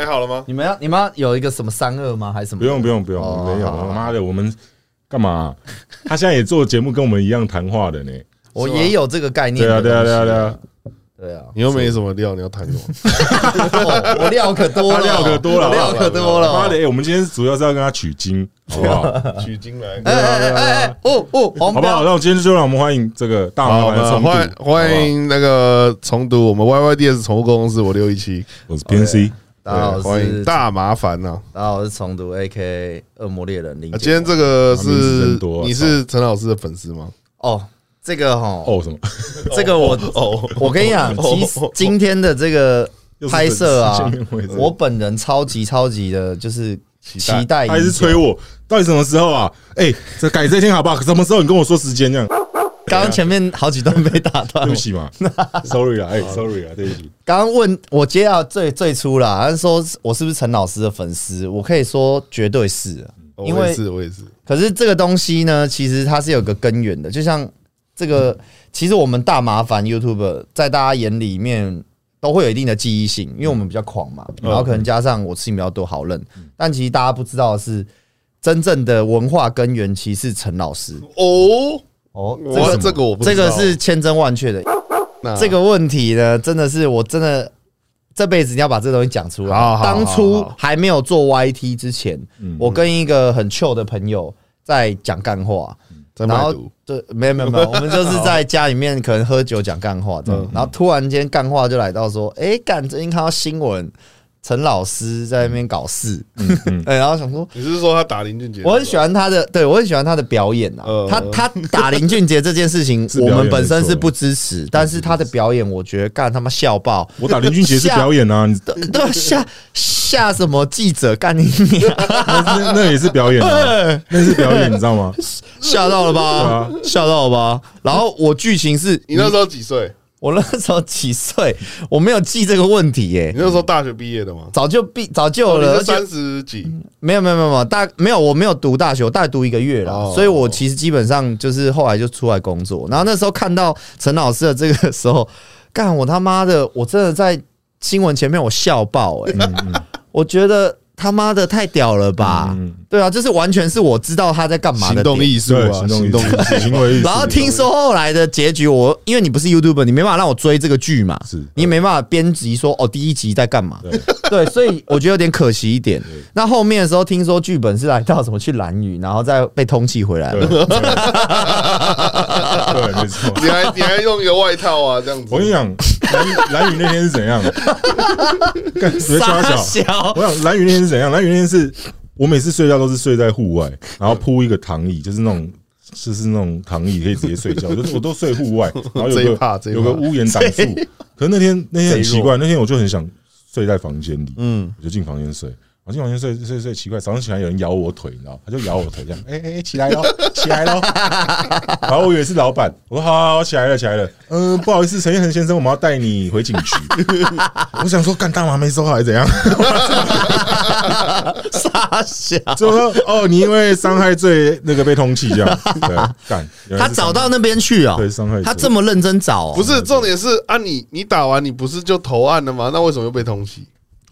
拍好了嗎？你們要你們要有一個什麼三二嗎？還是什麼？不用不用不用，沒有。媽、哦啊、的，我們幹嘛、啊？他現在也做節目，跟我們一樣談話的呢 。我也有這個概念對、啊。對啊對啊對啊，對啊，對，啊，對，啊對啊，對啊。你又沒什麼料，你要談什麼、 哦？我料可多了、哦，料可多了、哦，我料可多了、哦。媽的，我們今天主要是要跟他取經，好不好？啊、取經來、啊欸欸欸。哦哦，好不好？那我今天就讓我們歡迎這個大老板、啊，歡迎歡迎那個重讀我們 Y Y D S 寵物公司。我六一七，我是 PNC。Okay. 大家好，歡迎大麻煩吶！大家好，我是重讀 AKA 惡魔獵人林、啊。今天這個是你是陳老師的粉絲嗎、啊？哦，這個吼哦什麼？這個我哦，哦，我跟你講，其、哦、今天的這個拍攝啊，我本人超級超級的，就是期待還是催我，到底什麼時候啊？哎、欸，這改這天好不好？什麼時候你跟我說時間這樣？剛剛前面好幾段被打斷 對不起嘛 ，sorry 啊，哎、欸、，sorry 啊，對不起。剛剛問我接到最最初了，他說我是不是陳老師的粉絲？我可以說絕對是，啊我也是，因為是，我也是。可是這個東西呢，其實它是有個根源的，就像這個， 其實我們大麻煩 YouTuber 在大家眼裡面都會有一定的記憶性，因為我們比較狂嘛，嗯、然後可能加上我性比較多好認、嗯，但其實大家不知道的是真正的文化根源，其實是陳老師哦。嗯哦，這個、我、啊這個、這個我不知道，這個是千真萬確的。這個問題呢，真的是我真的這輩子你要把這東西講出來好好好好。當初還沒有做 YT 之前，嗯、我跟一個很臭的朋友在講幹話、嗯，然後這沒有沒有沒有，我們就是在家裡面可能喝酒講幹話、 啊，然後突然間幹話就來到說，哎、欸，幹，最近看到新聞。陳老師在那邊搞事、嗯，哎、嗯 欸，然後想說，你是說他打林俊傑？我很喜歡他的，對我很喜歡他的表演吶、啊呃。他他打林俊傑這件事情，我們本身是不支持，是但是他的表演，我覺得幹他媽笑爆！我打林俊杰是表演啊，對，下嚇什麼記者幹你 那？那也是表演、啊，那是表演，你知道嗎？嚇、欸、到了吧？嚇到，、啊、到了吧？然後我劇情是你那時候幾歲？我那時候幾歲？我沒有記這個問題誒、欸。你那時候大學畢業的嗎？早就畢早就有了。三十幾、嗯？沒有沒有沒有大沒有，我沒有讀大學，我大概讀一個月了，oh. 所以我其實基本上就是後來就出來工作。然後那時候看到陳老師的這個的時候，幹我他媽的，我真的在新聞前面我笑爆誒、欸 嗯！我覺得。他媽的太屌了吧、嗯！對啊，就是完全是我知道他在幹嘛的行、啊。行動藝術行動藝術，行為藝術。然後聽說後來的結局我，我因為你不是 YouTuber，你沒辦法讓我追這個劇嘛，是你也沒辦法編輯說哦，第一集在幹嘛？對，所以我覺得有點可惜一點。那後面的時候，聽說劇本是來到什麼去蘭嶼，然後再被通緝回來了。對，對， 沒錯。你還你還用一個外套啊，這樣子。我跟你講。藍藍雨那天是怎樣的啊？幹，直接抓他腳！叉叉小，我想藍雨那天是怎樣？藍雨那天是我每次睡覺都是睡在戶外，然後鋪一個躺椅，就是那種，就是那種躺椅可以直接睡覺。我 我都睡戶外，然後有個有個屋檐擋住。可是那天那天很奇怪，那天我就很想睡在房間裡，嗯，我就進房間睡。我今天晚上睡睡睡奇怪，早上起來有人咬我腿，你知道？他就咬我腿，這樣，哎哎哎，起來咯，起來咯。 然後我以為是老闆，我說好，好，好，好，起來了，起來了，嗯，不好意思，陳彥恆先生，我們要帶你回警局。 我想說，幹大麻沒收好還是怎樣？ 傻笑，就說哦，你因為傷害罪那個被通緝，這樣。幹，他找到那邊去啊，哦？對，傷害罪。他這麼認真找，哦，不是重點是啊，你你打完你不是就投案了嗎？那為什麼又被通緝？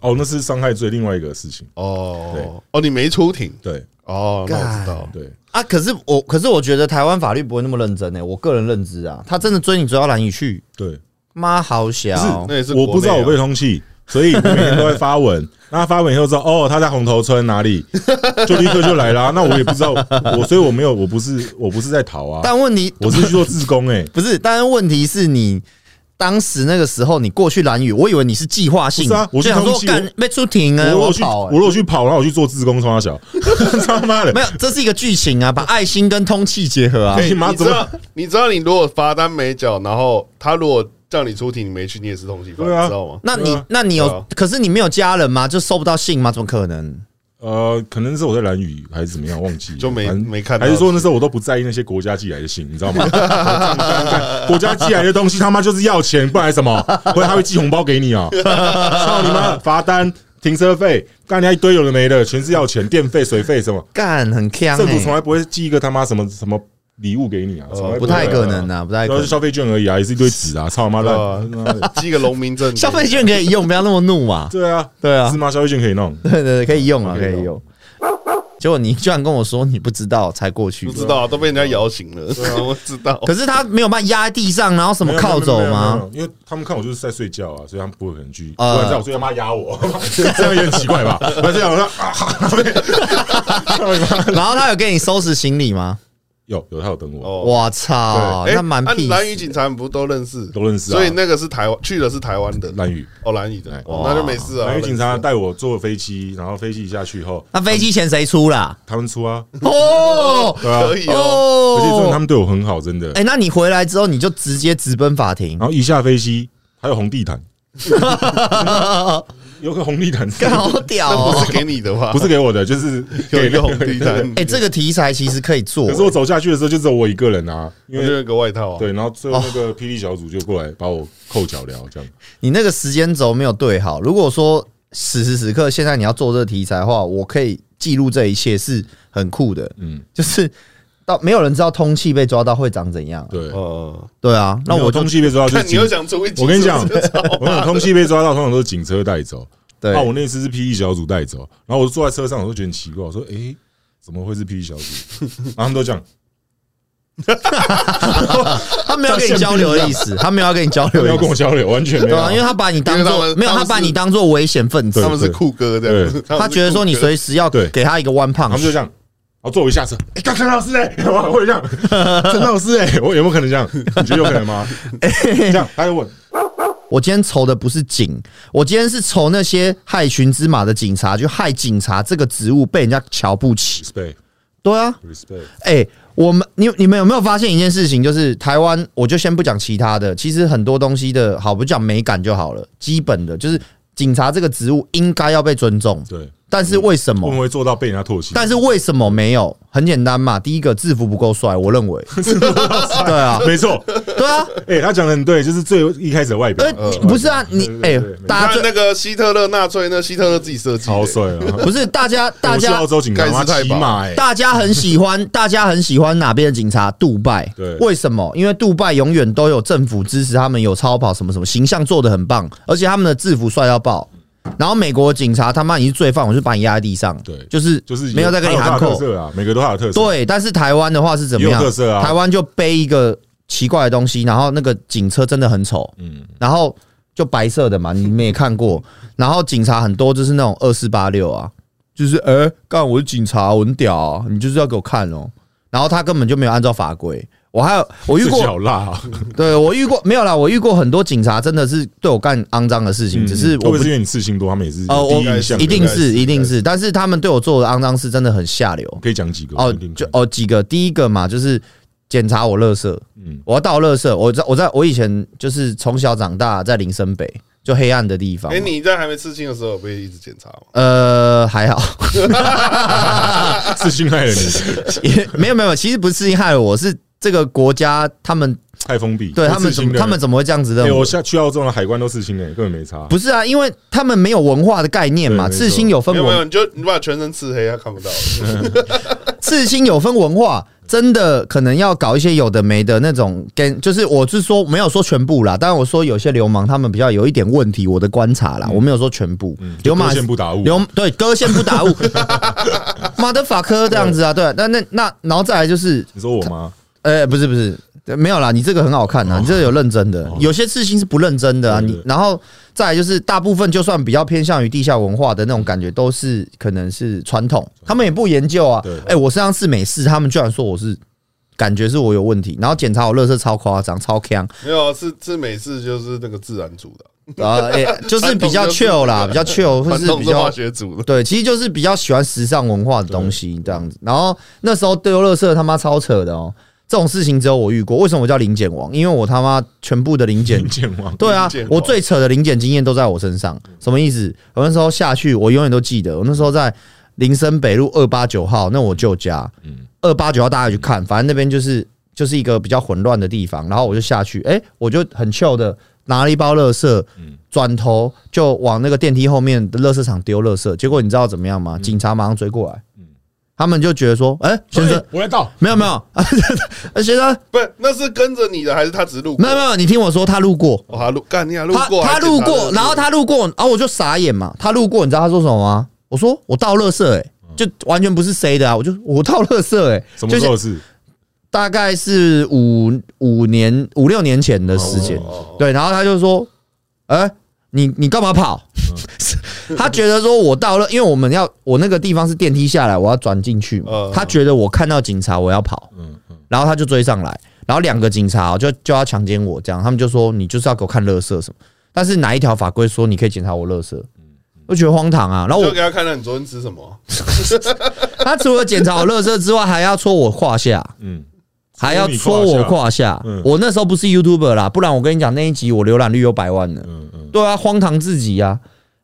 哦，那是傷害罪另外一個事情哦。對，哦，你沒出庭，對，哦，那我知道，對啊。可是我，可是我覺得台灣法律不會那麼認真誒、欸，我個人認知啊，他真的追你追到蘭嶼去，對，媽好小、喔，我不知道我被通緝，所以每天都會發文。那 他發文以後知道哦，他在紅頭村哪裡，就立刻就來啦、啊。」那我也不知道，我所以我沒有，我不是我不是在逃啊。但問題，我是去做志工誒、欸， 不是。但問題是你，當時那個時候，你過去蘭嶼，我以為你是計劃性。啊、我就想說，幹，沒出庭啊，我跑，我如果去跑， 然後我去做志工穿小。鞋，知道沒有，這是一個劇情啊， 把愛心跟通緝結合啊。你知道，你知道，你如果罰單沒繳，然後他如果叫你出庭，你沒去，你也是通緝，對啊，你知道嗎？啊、那你那你有，啊，可是你沒有家人嗎？就收不到信嗎？怎麼可能？呃，可能是我在淋雨還是怎麼樣，忘記就沒沒看到。還是說那時候我都不在意那些國家寄來的信，你知道嗎？ 國，上上上上國家寄來的東西 他媽就是要錢，不然什麼，不 然他會寄紅包給你啊！操你媽！罰單、停車費，幹你家一堆有的沒的，全是要錢，電費、水費什麼。干 很鏘、欸，政府從來不會寄一個他媽什麼什麼，什麼禮物給你啊,、哦、啊？不太可能啊，不太可能。那是消費券而已啊，也是一堆紙啊，操你媽的！寄個農民證， 消費券可以用，不要那麼怒嘛。對啊，對啊，是嗎？消費券可以弄，對對對，可以用啊，可以用。以啊啊、結果你居然跟我說你不知道，才過去，不知道、啊、都被人家搖醒了對、啊對啊。我知道，可是他沒有辦法壓在地上，然後什麼靠走嗎、啊啊啊啊啊？因為他們看我就是在睡覺啊，所以他們不會很注意，不然在我睡覺，我說他媽壓我， 這樣也很奇怪吧？不是我說，然後他有給你收拾行李嗎？有有他有登過，我、哦、操、欸，那蠻那蘭嶼警察不都認識？欸、都認識啊。啊所以那個是台灣去的是台灣的蘭嶼，哦蘭嶼的，那就沒事了，蘭嶼警察帶我坐飛機，然後飛機一下去以後，那飛機錢誰出啦他們？他們出啊，哦，啊、可以哦，而且真的他們對我很好，真的。哎、欸，那你回來之後你就直接直奔法庭，然後一下飛機還有紅地毯。哈哈哈哈哈哈哈有個紅地毯，高屌，不是給你的話 不是給我的，就是給個紅地毯。哎，這個題材其實可以做。可是我走下去的時候就只有我一個人啊，因為那個外套啊。對，然後最後那個霹靂小組就過來把我扣腳鐐，這樣。你那個時間軸沒有對好。如果說此時此刻現在你要做這個題材的話，我可以記錄這一切，是很酷的。嗯，就是。到沒有人知道通氣被抓到會長怎樣、啊。對，哦、呃，對啊，那我通氣被， 你 被抓到，你又想出我跟你講，我通氣被抓到通常都是警車帶走。對啊，我那次是 PE 小組帶走，然後我就坐在車上，我就覺得很奇怪，我說：“哎、欸，怎麼會是 PE 小組？” 然後他們都這樣， 他沒有跟你交流的意思，他沒有要跟你交流，沒有跟我交流， 交流 完全沒有，因為他，、啊、因為他把你當做沒有，他把你當做危險分子，他們是酷哥這樣。他覺得說你隨時要給他一個彎胖子，他們就這樣。 哦，坐我一下子，哎、欸，剛才老師哎、欸，我會這樣，陳 老師哎、欸，我有沒有可能這樣？你覺得有可能嗎？ 欸、這樣，大家問，我今天愁的不是警，我今天是愁那些害群之馬的警察，就害警察這個職務被人家瞧不起 Respect, 對啊，Respect，、欸、我們，你你們有沒有發現一件事情？就是台灣，我就先不講其他的，其實很多東西的好，不講美感就好了，基本的就是警察這個職務應該要被尊重，對。但是為什麼？我、嗯、們會，會做到被人家唾棄。但是為什麼沒有？很簡單嘛，第一個制服不夠帥。我認為。 不對啊，沒錯，對啊。誒、欸，他講的很對，就是最一開始的外表。呃、外表不是啊，你誒、欸，大家就那個希特勒納粹，那希特勒自己設計的。超帥啊！ 不是大家大家，欸、是澳洲警察是太馬，大家很喜歡， 大家很喜歡哪邊的警察？杜拜。對。為什麼？因為杜拜永遠都有政府支持，他們有超跑什麼什麼，形象做得很棒，而且他們的制服帥到爆。然後美國警察他罵你是罪犯，我就把你壓在地上。對，就是沒有再跟你喊口。特色啊，每個都還有特色。對，但是台灣的話是怎麼樣？有特色啊！台灣就背一個奇怪的東西，然後那個警車真的很醜，然後就白色的嘛，你們也看過。然後警察很多，就是那種二四八六啊，就是哎，幹我是警察，我很屌啊，你就是要給我看哦。然後他根本就沒有按照法規。我還有，我遇過，小辣，對，我遇過沒有啦？我遇過很多警察，真的是對我幹骯髒的事情，只是我不是因為你刺青多，他們也是呃，我一定是一定是，但是他們對我做的骯髒事真的很下流，可以講幾個哦，就哦幾個，第一個嘛，就是檢查我樂色，嗯，我要倒樂色，我在我在我以前就是從小長大在林森北，就黑暗的地方，哎，你在還沒刺青的時候不會一直檢查嗎？呃，還好，是刺青害了你， 也沒有沒有，其實不是刺青害了我，是。這個國家他們太封閉，對他們怎麼他們怎麼會這樣子認為、欸？我下去澳洲的海關都刺青誒，根本沒差。不是啊，因為他們沒有文化的概念嘛，刺青有分文化，你就你把全身刺黑，他看不到。 刺青有分文化，真的可能要搞一些有的沒的那種。跟就是我是說沒有說全部啦，當然我說有些流氓他們比較有一點問題，我的觀察啦、嗯，我沒有說全部。流、嗯、氓先不打五，流氓、啊、對哥先不打五。媽 的法科這樣子啊？對，啊對，對，那那那，然後再來就是你說我嗎？呃、欸，不是不是，沒有啦。你這個很好看啊，你這個有認真的。有些事情是不認真的啊。你然後再來就是，大部分就算比較偏向於地下文化的那種感覺，都是可能是傳統，他們也不研究啊。哎，我身上是美式，他們居然說我是感覺是我有問題，然後檢查我樂色超誇張，超鏘。沒有，是是美式，就是那個自然組的啊啊，然、欸、後就是比較 chill 啦，比較 chill，或是比較化學組。對，其實就是比較喜歡時尚文化的東西這樣子。然後那時候丟樂色他媽超扯的哦。這種事情只有我遇過。為什麼我叫臨檢王？因為我他媽全部的臨檢、檢王，對啊，我最扯的臨檢經驗都在我身上。什麼意思？我那時候下去，我永遠都記得。我那時候在林森北路二八九號，那我舅家，嗯，二八九號大家去看，反正那邊就是就是一個比較混亂的地方。然後我就下去，哎，我就很秀的拿了一包垃圾，嗯，轉頭就往那個電梯後面的垃圾場丟垃圾。結果你知道怎麼樣嗎？警察馬上追過來。他們就覺得說，哎、欸，先生、欸，我來倒，沒有沒有啊、欸，先生，不是，那是跟着你的還是他只路過？沒有沒有，你聽我說，他路過，哦、他路，啊、路過，路過，然後他路過，然後我就傻眼嘛，他路過，你知道他說什麼嗎？我說我倒垃圾、欸，就完全不是誰的啊，我就我倒垃圾、欸，什麼時候是？大概是五五年五六年前的時間，哦哦哦哦哦哦哦哦對，然後他就說，哎、欸，你你幹嘛跑？嗯他覺得說，我到了，因為我們要我那個地方是電梯下來，我要轉進去。他覺得我看到警察，我要跑。然後他就追上來，然後兩個警察就就要強姦我，這樣他們就說你就是要給我看垃圾什麼。但是哪一條法規說你可以檢查我垃圾？我覺得荒唐啊。然後我給他看了你昨天吃什麼。他除了檢查我垃圾之外，還要戳我胯下。嗯，還要戳我胯下。我那時候不是 YouTuber 啦，不然我跟你講那一集我瀏覽率有百萬的。嗯嗯，對啊，荒唐至極啊。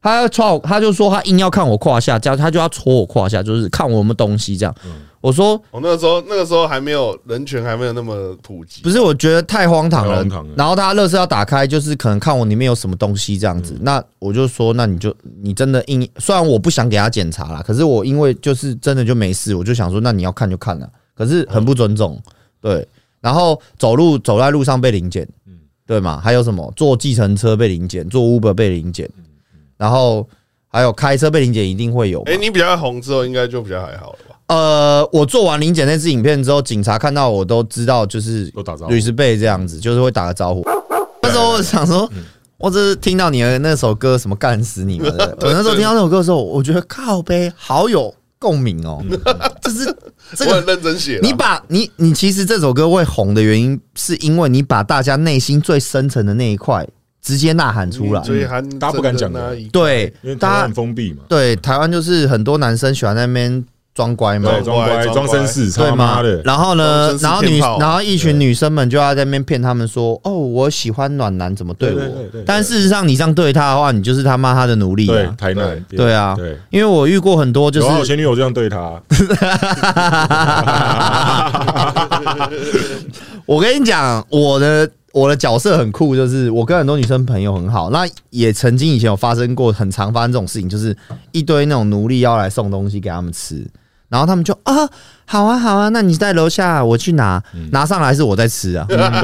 他要戳我，他就說他硬要看我胯下，這樣他就要戳我胯下，就是看我什麼東西這樣。我說我那個時候那個時候還沒有人權，還沒有那麼普及。不是，我覺得太荒唐了。然後他垃圾要打開，就是可能看我裡面有什麼東西這樣子。那我就說，那你就你真的硬，雖然我不想給他檢查啦，可是我因為就是真的就沒事，我就想說，那你要看就看了，可是很不尊重。對，然後走路走在路上被臨檢，嗯，對嘛？還有什麼坐計程車被臨檢，坐 Uber 被臨檢。然後還有開車被臨檢一定會有，哎，你比較紅之後應該就比較還好了吧？呃，我做完臨檢那支影片之後，警察看到我都知道，就是都打招呼，女士被這樣子，就是會打個招呼。那時候我想說，我只是聽到你的那首歌，什麼幹死你們。我那時候聽到那首歌的時候，我覺得靠北好有共鳴哦。就是，我很認真寫。你把你你其實這首歌會紅的原因，是因為你把大家內心最深層的那一塊。直接吶喊出來，所以他大家不敢講的，對，因為他很封閉嘛。對，台灣就是很多男生喜歡在那邊裝乖嘛，裝乖裝紳士，士，他媽的。然後呢，然後女，然後一群女生們就要在那邊騙他們說：“哦，我喜歡暖男，怎麼對我？”但事實上，你這樣對他的話，你就是他媽他的奴隸。對，台男。對啊，對，對，因為我遇過很多，就是我前女友這樣對他。 我跟你講，我的。我的角色很酷，就是我跟很多女生朋友很好，那也曾經以前有發生過，很常發生這種事情，就是一堆那種奴隸要來送東西給他們吃。然後他們就啊，好啊，好啊，那你在樓下，我去拿、嗯，拿上來是我在吃啊？對啊，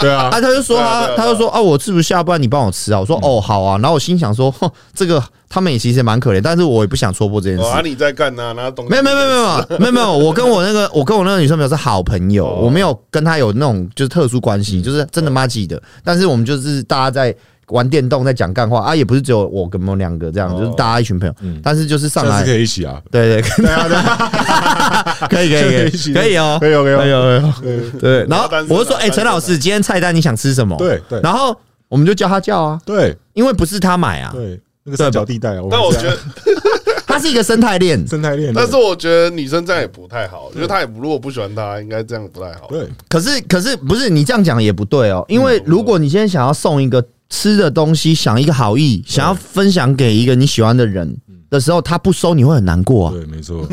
對啊，啊他就說啊，他就說啊，我吃不下，不然你幫我吃啊。我說、嗯、哦，好啊。然後我心想說，哼，這個他們也其實蠻可憐，但是我也不想戳破這件事。哦、啊，你在幹哪、啊？那東西沒？沒有沒有沒有沒有沒有，我跟我那個 我跟我那個女生朋友是好朋友，哦、我沒有跟她有那種就是特殊關係、嗯，就是真的媽記、嗯、記得。但是我們就是大家在。玩電動在講乾話啊，也不是只有我跟我們兩個這樣，就是大家一群朋友、嗯，但是就是上來可以一起啊，對對，對，對啊對啊、 可以可以可以可以哦，可以哦、喔，可以哦、喔，可以哦、喔喔喔喔喔、對。然後我就說，哎，陳、欸、老師，今天菜單你想吃什麼？對對。然後我們就叫他叫啊，對，因為不是他買啊，對，對那個是角地帶。但我覺得 他是一個生態鏈，生態鏈。但是我覺得女生這樣也不太好，因為他也不，如果不喜歡他，應該這樣不太好。對，對，可是可是不是你這樣講也不對哦、喔嗯，因為如果你今天想要送一個。吃的東西，想一個好意，想要分享給一個你喜歡的人的時候他不收你會很難過啊？對，沒錯，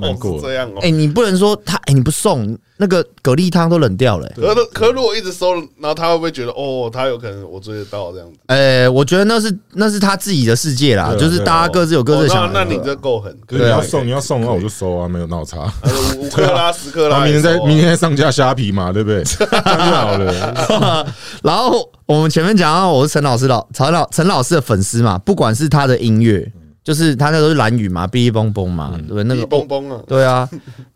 難過 是這樣哦、欸。哎，你不能說他哎、欸、你不送那個蛤蜊湯都冷掉了、欸。可可如果一直收，然後他會不會覺得哦他有可能我追得到這樣子、欸？哎，我覺得那是那是他自己的世界啦，就是大家各自有各自想法。那、哦哦、那你就夠狠，你要送你要送的話我就收啊，沒有鬧叉。差五克拉十克、啊、拉、啊明在，明天再明天再上架蝦皮嘛，對不對？太 好了。 然後我們前面講到我是陳老師老陳老陳老師的粉絲嘛，不管是他的音樂。就是他那都是藍雨嘛，嗶嗶嘣嘣嘛，嗯、對那個。嘣嘣啊！對啊，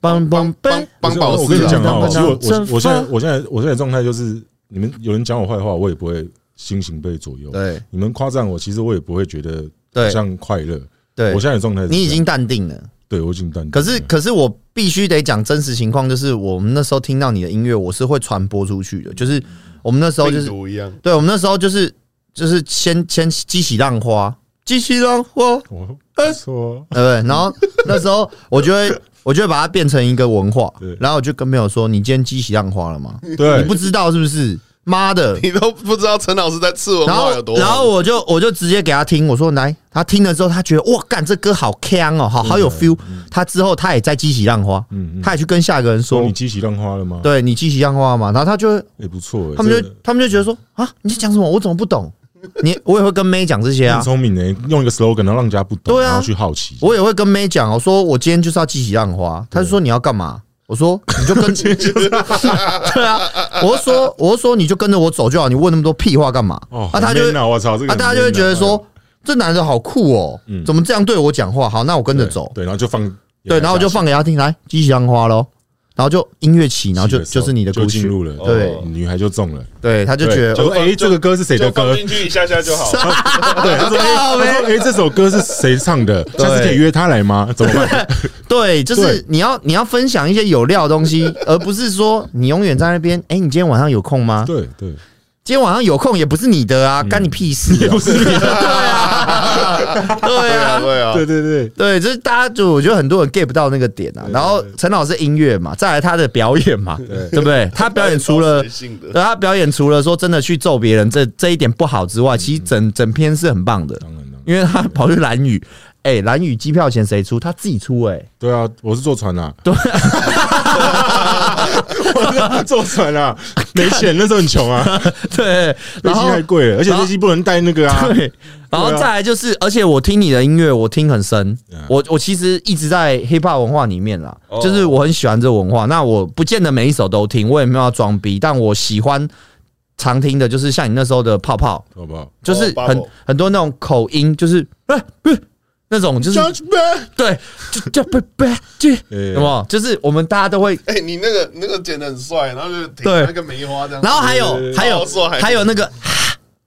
嘣嘣嘣嘣嘣。我跟你講啊，我我我現在我現在我現在狀態就是，你們有人講我壞話，我也不會心情被左右。對，你們誇讚我，其實我也不會覺得好像快樂。對我現在的狀態，你已經淡定了。對我已經淡定了。可是可是我必須得講真實情況，就是我們那時候聽到你的音樂，我是會傳播出去的。就是我們那時候就是對我們那時候就是就是先先激起浪花，激起浪花，我我不對不對？然後那時候，我就會 我就會把它變成一個文化。然後我就跟朋友說：“你今天激起浪花了嗎？”對，你不知道是不是？媽的，你都不知道陳老師在刺文化有多好。然後我就我就直接給他聽，我說：“來。”他聽了之後，他覺得：“哇，幹，這歌好鏘哦、喔，好好有 feel。”他之後他也在激起浪花，他也去跟下一個人說：“說你激起浪花了嗎？”對，你激起浪花了嗎？然後他就會也不錯、欸，他們就他們就覺得說：“啊，你在講什麼？我怎麼不懂？”你我也會跟妹講這些啊，聰明的、欸，用一個 slogan 讓人家不懂，對啊，然後去好奇。我也會跟妹講，我說我今天就是要激起浪花，他就說你要幹嘛？我說你就跟， 對啊，我是說我是說你就跟着我走就好，你問那麼多屁話幹嘛？哦，那、啊、他就會，我操、啊，這個、啊，那、啊、大家就會覺得說這男的好酷哦，怎麼這樣對我講話？好，那我跟着走對，對，然後就放，對，然後我就放給他聽，來，激起浪花咯。然後就音樂起，然後就就是你的歌曲了對，對，女孩就中了，對，他就覺得，哎、欸，這個歌是誰的歌？放進去一下下就好了。 對，她說，哎、okay, 欸 欸 欸，這首歌是誰唱的？下次可以約他來嗎？怎麼辦？ 對，就是你要你要分享一些有料的東西， 而不是說你永遠在那邊。哎、欸，你今天晚上有空嗎？對對。今天晚上有空也不是你的啊，嗯、幹你屁事、啊，也不是你的。 對，啊 對啊，對啊，對啊，對，對對對，對、就，是大家就我覺得很多人 get 不到那個點啊。對對對對，然後陳老師音樂嘛，再來他的表演嘛，對不對？他表演除了，他，他表演除了說真的去揍別人這這一點不好之外，嗯嗯其實整整篇是很棒的。因為他跑去蘭嶼，哎、欸，蘭嶼機票錢誰出？他自己出哎、欸。對啊，我是坐船啊，對。 我哈哈哈做坐船啊，沒錢那時候很窮啊。 對，飛機太貴了，而且飛機不能帶那個啊。然後再來就是，而且我聽你的音樂，我聽很深。我我其實一直在 hiphop 文化裡面啦，就是我很喜歡這個文化。那我不見得每一首都聽，我也沒有要裝逼，但我喜歡常聽的就是像你那時候的泡泡，泡就是很很多那種口音，就是那種就是，Judge、對，就叫背背，有沒有、欸？就是我們大家都會，哎，你那個那個剪的很帥，然後就對那個梅花這樣。然後還有對對對還有還，還有那個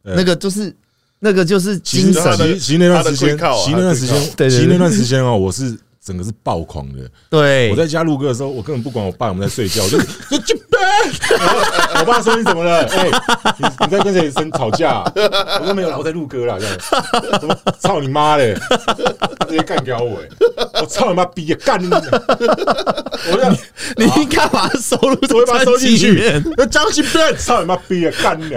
那個就是那個就是精神。其實那段時間、啊，其實那段時間、啊，對，其實那段時間哦，我是。.整個是爆狂的對。對，我在家錄歌的時候，我根本不管我爸，有沒有在睡覺，我就 George 我爸說，你怎麼了？欸、你你在跟誰生吵架、啊？我說沒有啦，我在錄歌啦這樣。怎麼？操你媽嘞！直接幹掉我、欸！我操你媽逼啊！幹你！我這樣！你應該把它收錄在、啊、我會把它收進去。George 操你媽逼啊！幹你！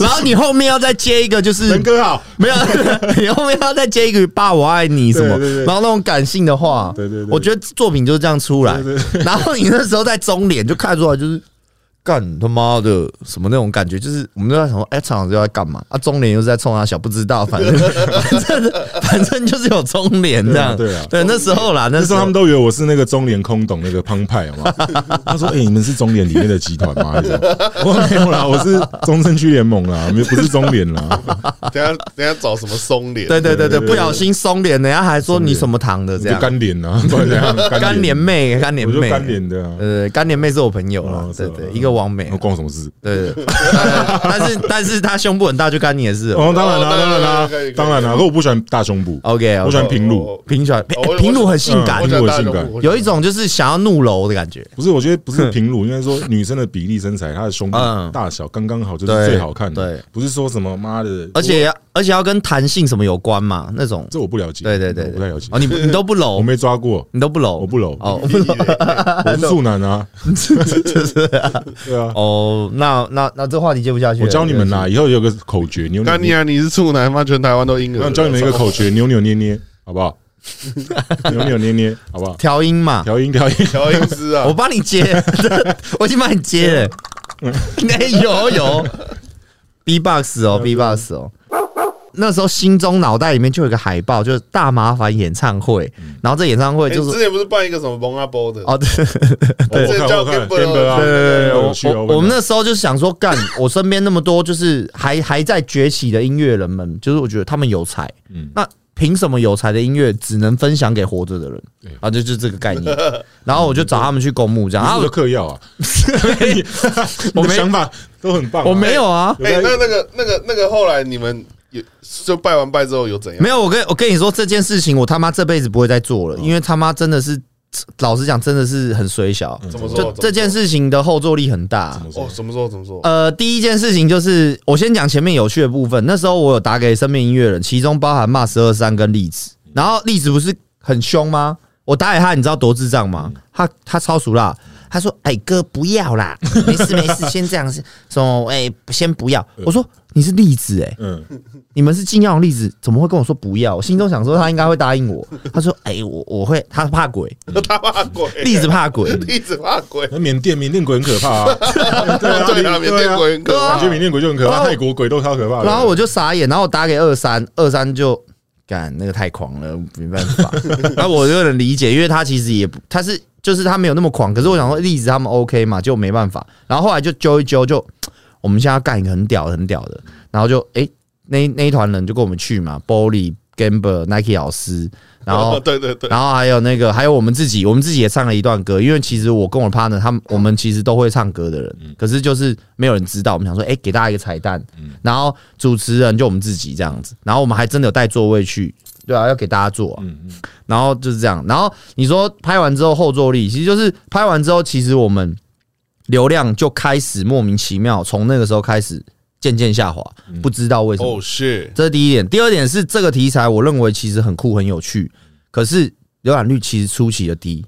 然後你後面要再接一個，就是陳哥好，沒有。 你後面要再接一個爸我愛你什麼，對對對，然後那種感性的話。對對對，對，我覺得作品就是這樣出來，然後你那時候在中臉就看出來就是。幹他媽的什麼那種感覺，就是我們都在想說，哎、欸，廠子在幹嘛？啊，中聯又是在衝他、啊、小，不知道，反正 反正反正就是有中聯這樣。對啊，對，對，對那時候啦，那時候他們都以為我是那個中聯空董那個幫派嘛。 他說：“哎、欸，你們是中聯裡面的集團嗎， 嗎？”我沒有啦，我是中山區聯盟啦，沒 不是中聯啦。 等”等下等下找什麼松聯？對，對對對對，不小心松聯、欸，等下還說你什麼糖的這樣？干臉啊，干臉妹，干臉妹。干臉的、啊、呃，干臉妹是我朋友啊，對對，對、啊、一個。完美，關我什麼事？對，對， 但是但是他胸部很大，就干你的事。哦，當然啦、啊，當然啦、啊，當然啦、啊。可，可，可我不喜歡大胸部，OK，, okay、哦、我喜歡平乳、哦哦，平起來，平乳很性感，嗯、平乳很性感，有一種就是想要怒揉的感覺。不是，我覺得不是平乳，應該說女生的比例身材，她的胸部大小剛剛好，就是最好看的。嗯、對對不是說什麼媽的，而且。而且要跟彈性什麼有關嘛？那種這我不了解，對，對對對，我不太了解。哦，你你都不揉 我沒抓過，你都不揉，我不揉哦，我，不 我是處男啊，這 是，是，是啊對啊。哦，那那那，那這話題接不下去。我教你們啦，以後有個口訣，你那你啊，你是處男嗎？全台灣都陰個。我教你們一個口訣，扭、哦、扭捏捏，好不好？扭 扭捏捏，好不好？調 音嘛，調音，調音，調音師啊。 我幫你接， 我已經幫你接了。哎， 有有，B box 哦，B box 哦。那時候心中腦袋裡面就有一個海報，就是大麻煩演唱會。然後這演唱會就是之前不是辦一個什麼蒙阿波的哦，對，我叫吉布勒啊。對，我我們那時候就是想說，幹我身邊那麼多就是還還在崛起的音樂人們，就是我覺得他們有才。嗯，那憑什麼有才的音樂只能分享給活着的人？啊，就是這個概念。然後我就找他們去公墓這樣。啊，嗑藥啊！我的想法都很棒。我沒有啊。哎，那那個那個那個，後來你們。有就拜完拜之後有怎樣？沒有，我跟我跟你說這件事情，我他媽這輩子不會再做了，嗯、因為他媽真的是，老實講真的是很水小、嗯怎麼說？就。怎麼說？這件事情的後坐力很大。怎麼說哦，什麼時候？怎麼說？呃，第一件事情就是我先講前面有趣的部分。那時候我有打給身邊音樂人，其中包含罵十二三跟例子，然後例子不是很兇嗎？我打給他，你知道多智障嗎？他他超俗辣。他說：“哎、欸，哥，不要啦，沒事沒事，先這樣，子。 說，哎、欸，先不要。”我說：“你是例子哎、欸，嗯、你們是禁藥例子，怎麼會跟我說不要？”我心中想說他應該會答應我。他說：“哎、欸，我我會，他怕鬼，嗯、他怕鬼，例子怕鬼，例、欸、子怕鬼。緬、嗯、甸緬甸、啊 啊啊啊啊啊、甸鬼很可怕，對啊，緬甸鬼很可怕，感覺緬甸鬼就很可怕，泰、啊、國鬼都超可怕、啊、然後我就傻眼，然後我打給二三二三，3, 就幹那個太狂了，沒辦法。那、 啊、我有點理解，因為他其實也不，他是。”就是他沒有那麼狂，可是我想說例子他們 O、OK、K 嘛，就沒辦法。然後後來就揪一揪就，就我們現在要幹一個很屌的很屌的，然後就哎、欸、那那一團人就跟我們去嘛 b 璃 l l y Gamber、Nike 老師。然後對對對，然後還有那個，還有我們自己，我們自己也唱了一段歌。因為其實我跟我的 partner，他們我們其實都會唱歌的人，可是就是沒有人知道。我們想說，哎，給大家一個彩蛋。然後主持人就我們自己這樣子，然後我們還真的有帶座位去，對啊，要給大家坐。嗯嗯。然後就是這樣，然後你說拍完之後後坐力，其實就是拍完之後，其實我們流量就開始莫名其妙，從那個時候開始。漸漸下滑，嗯，不知道為什麼。是、oh。這是第一點。第二點是這個題材，我認為其實很酷，很有趣，可是瀏覽率其實出奇的低。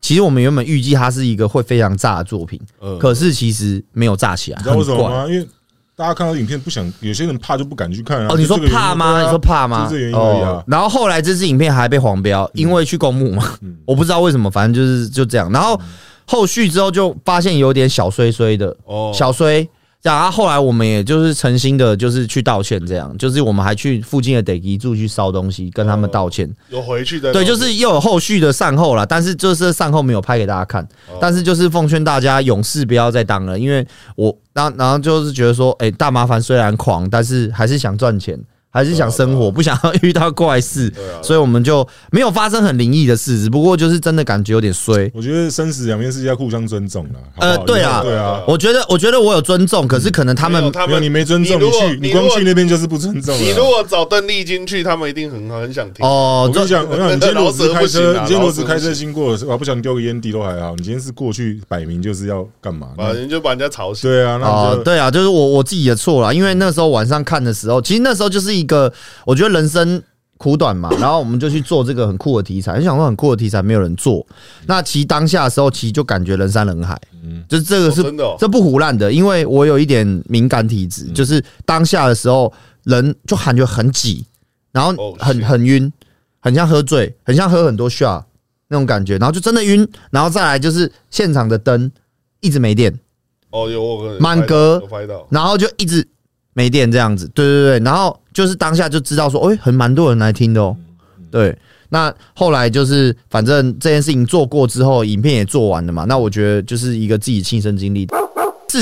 其實我們原本預計它是一個會非常炸的作品，嗯、可是其實沒有炸起來。為什麼？因為大家看到影片不想，有些人怕就不敢去看，啊、哦，你說怕嗎？啊、你說怕嗎、啊哦？然後後來這支影片還被黃標，因為去公墓嘛、嗯。我不知道為什麼，反正就是就這樣。然後後續之後就發現有點小衰衰的、哦、小衰。然、啊、後後來我們也就是誠心的，就是去道歉，這樣就是我們還去附近的地基主去燒東西，跟他們道歉。嗯、有回去的，對，就是又有後續的善後啦。但是就是善後沒有拍給大家看。嗯、但是就是奉勸大家，勇士不要再當了，因為我然後然後就是覺得說，哎、欸，大麻煩雖然狂，但是還是想賺錢。還是想生活，oh, oh, oh, oh. 不想要遇到怪事，對啊、oh, oh. 所以我們就沒有發生很靈異的事。只不過就是真的感覺有點衰。我覺得生死兩邊是要互相尊重了呃對、啊，對啊，對啊。我覺得，我覺得我有尊重，可、嗯、是可能他們，沒有他們沒有你沒尊重，你,你去，你,你光去那邊就是不尊重。你如果找鄧麗君去，他們一定很很想聽。哦，我就想，我、嗯、想今天老子開車，啊、你今天老子開車經過的時候，我不,、啊不,啊、不想丟個菸蒂都還好。你今天是過去擺明就是要幹嘛？啊，人就把人家吵醒。對啊，那、哦、對啊，就是我我自己的錯了。因為那時候晚上看的時候，其實那時候就是一。一個，我覺得人生苦短嘛，然後我們就去做這個很酷的題材，很想說很酷的題材沒有人做。那其實當下的時候，其實就感覺人山人海，嗯，就是這個是真的，這不胡亂的，因為我有一點敏感體質，就是當下的時候人就感覺很擠，然後很很暈，很像喝醉，很像喝很多 shot 那種感覺，然後就真的暈，然後再來就是現場的燈一直沒電，哦有滿格，然後就一直。沒電這樣子，對對對，然後就是當下就知道說，欸，很蠻多人來聽的哦？對，那後來就是反正這件事情做過之後，影片也做完了嘛，那我覺得就是一個自己親身經歷。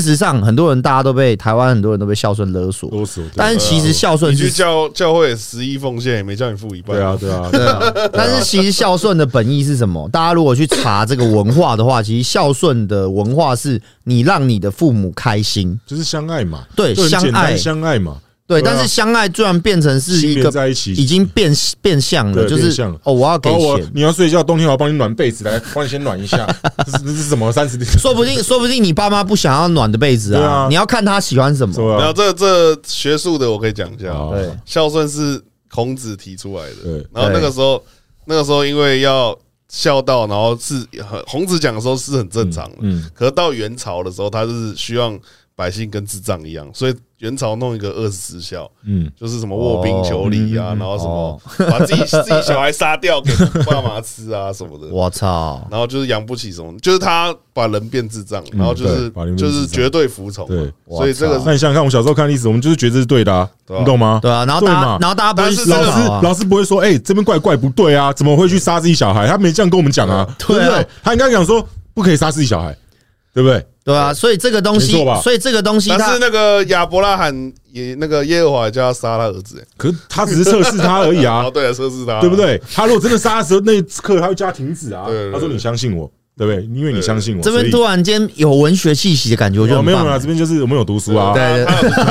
事實上，很多人大家都被台灣很多人都被孝順勒索，但是其實孝順去教教會十一奉獻也沒叫你付一半。對啊，對啊，對啊。但是其實孝順、啊啊啊、 的本意是什麼？大家如果去查這個文化的話，其實孝順的文化是你讓你的父母開心，就是相愛嘛。對，相愛，相愛嘛。對，但是相愛居然變成是一個在一起，已經變變相了，就是哦，我要給錢我，你要睡覺，冬天我要幫你暖被子，來幫你先暖一下，這 是，是什麼三十天？說不定， 說不定你爸媽不想要暖的被子啊，啊，你要看他喜歡什麼。然後、啊啊、這個、這個、學術的，我可以講一下啊、嗯，孝順是孔子提出來的，然後那個時候那個時候因為要孝道，然後是孔子講的時候是很正常的，嗯，嗯可是到元朝的時候，他是希望。百姓跟智障一樣，所以元朝弄一個二十四孝，嗯，就是什麼臥冰求鯉啊、嗯，然後什麼把自己、嗯、把自己小孩殺掉給爸媽吃啊什麼的。我操！然後就是養不起什麼，就是他把人變智障，嗯、然後就是就是絕對服從。對，所以這個那你想想看，我小時候看歷史，我們就是覺得是對的、啊對啊，你懂嗎？對啊，然後對嘛然後大家，然後大家不、啊、老師老師不會說，哎、欸，這邊怪怪不對啊，怎麼會去殺自己小孩？他沒這樣跟我們講啊，對不對？他應該講說，不可以殺自己小孩。對不對？對啊，所以這個東西，所以這個東西，他但是那個亞伯拉罕也那個耶和華叫他殺他兒子、欸，可是他只是測試他而已啊。 對啊，測試他，對不對？他如果真的殺的時候，那一刻他會加停止啊。對對對對，他說：“你相信我，對不對？因為你相信我。對對”這邊突然間有文學氣息的感覺就、欸，我、哦、得沒有啊。這邊就是我們有讀書啊。對，對，對，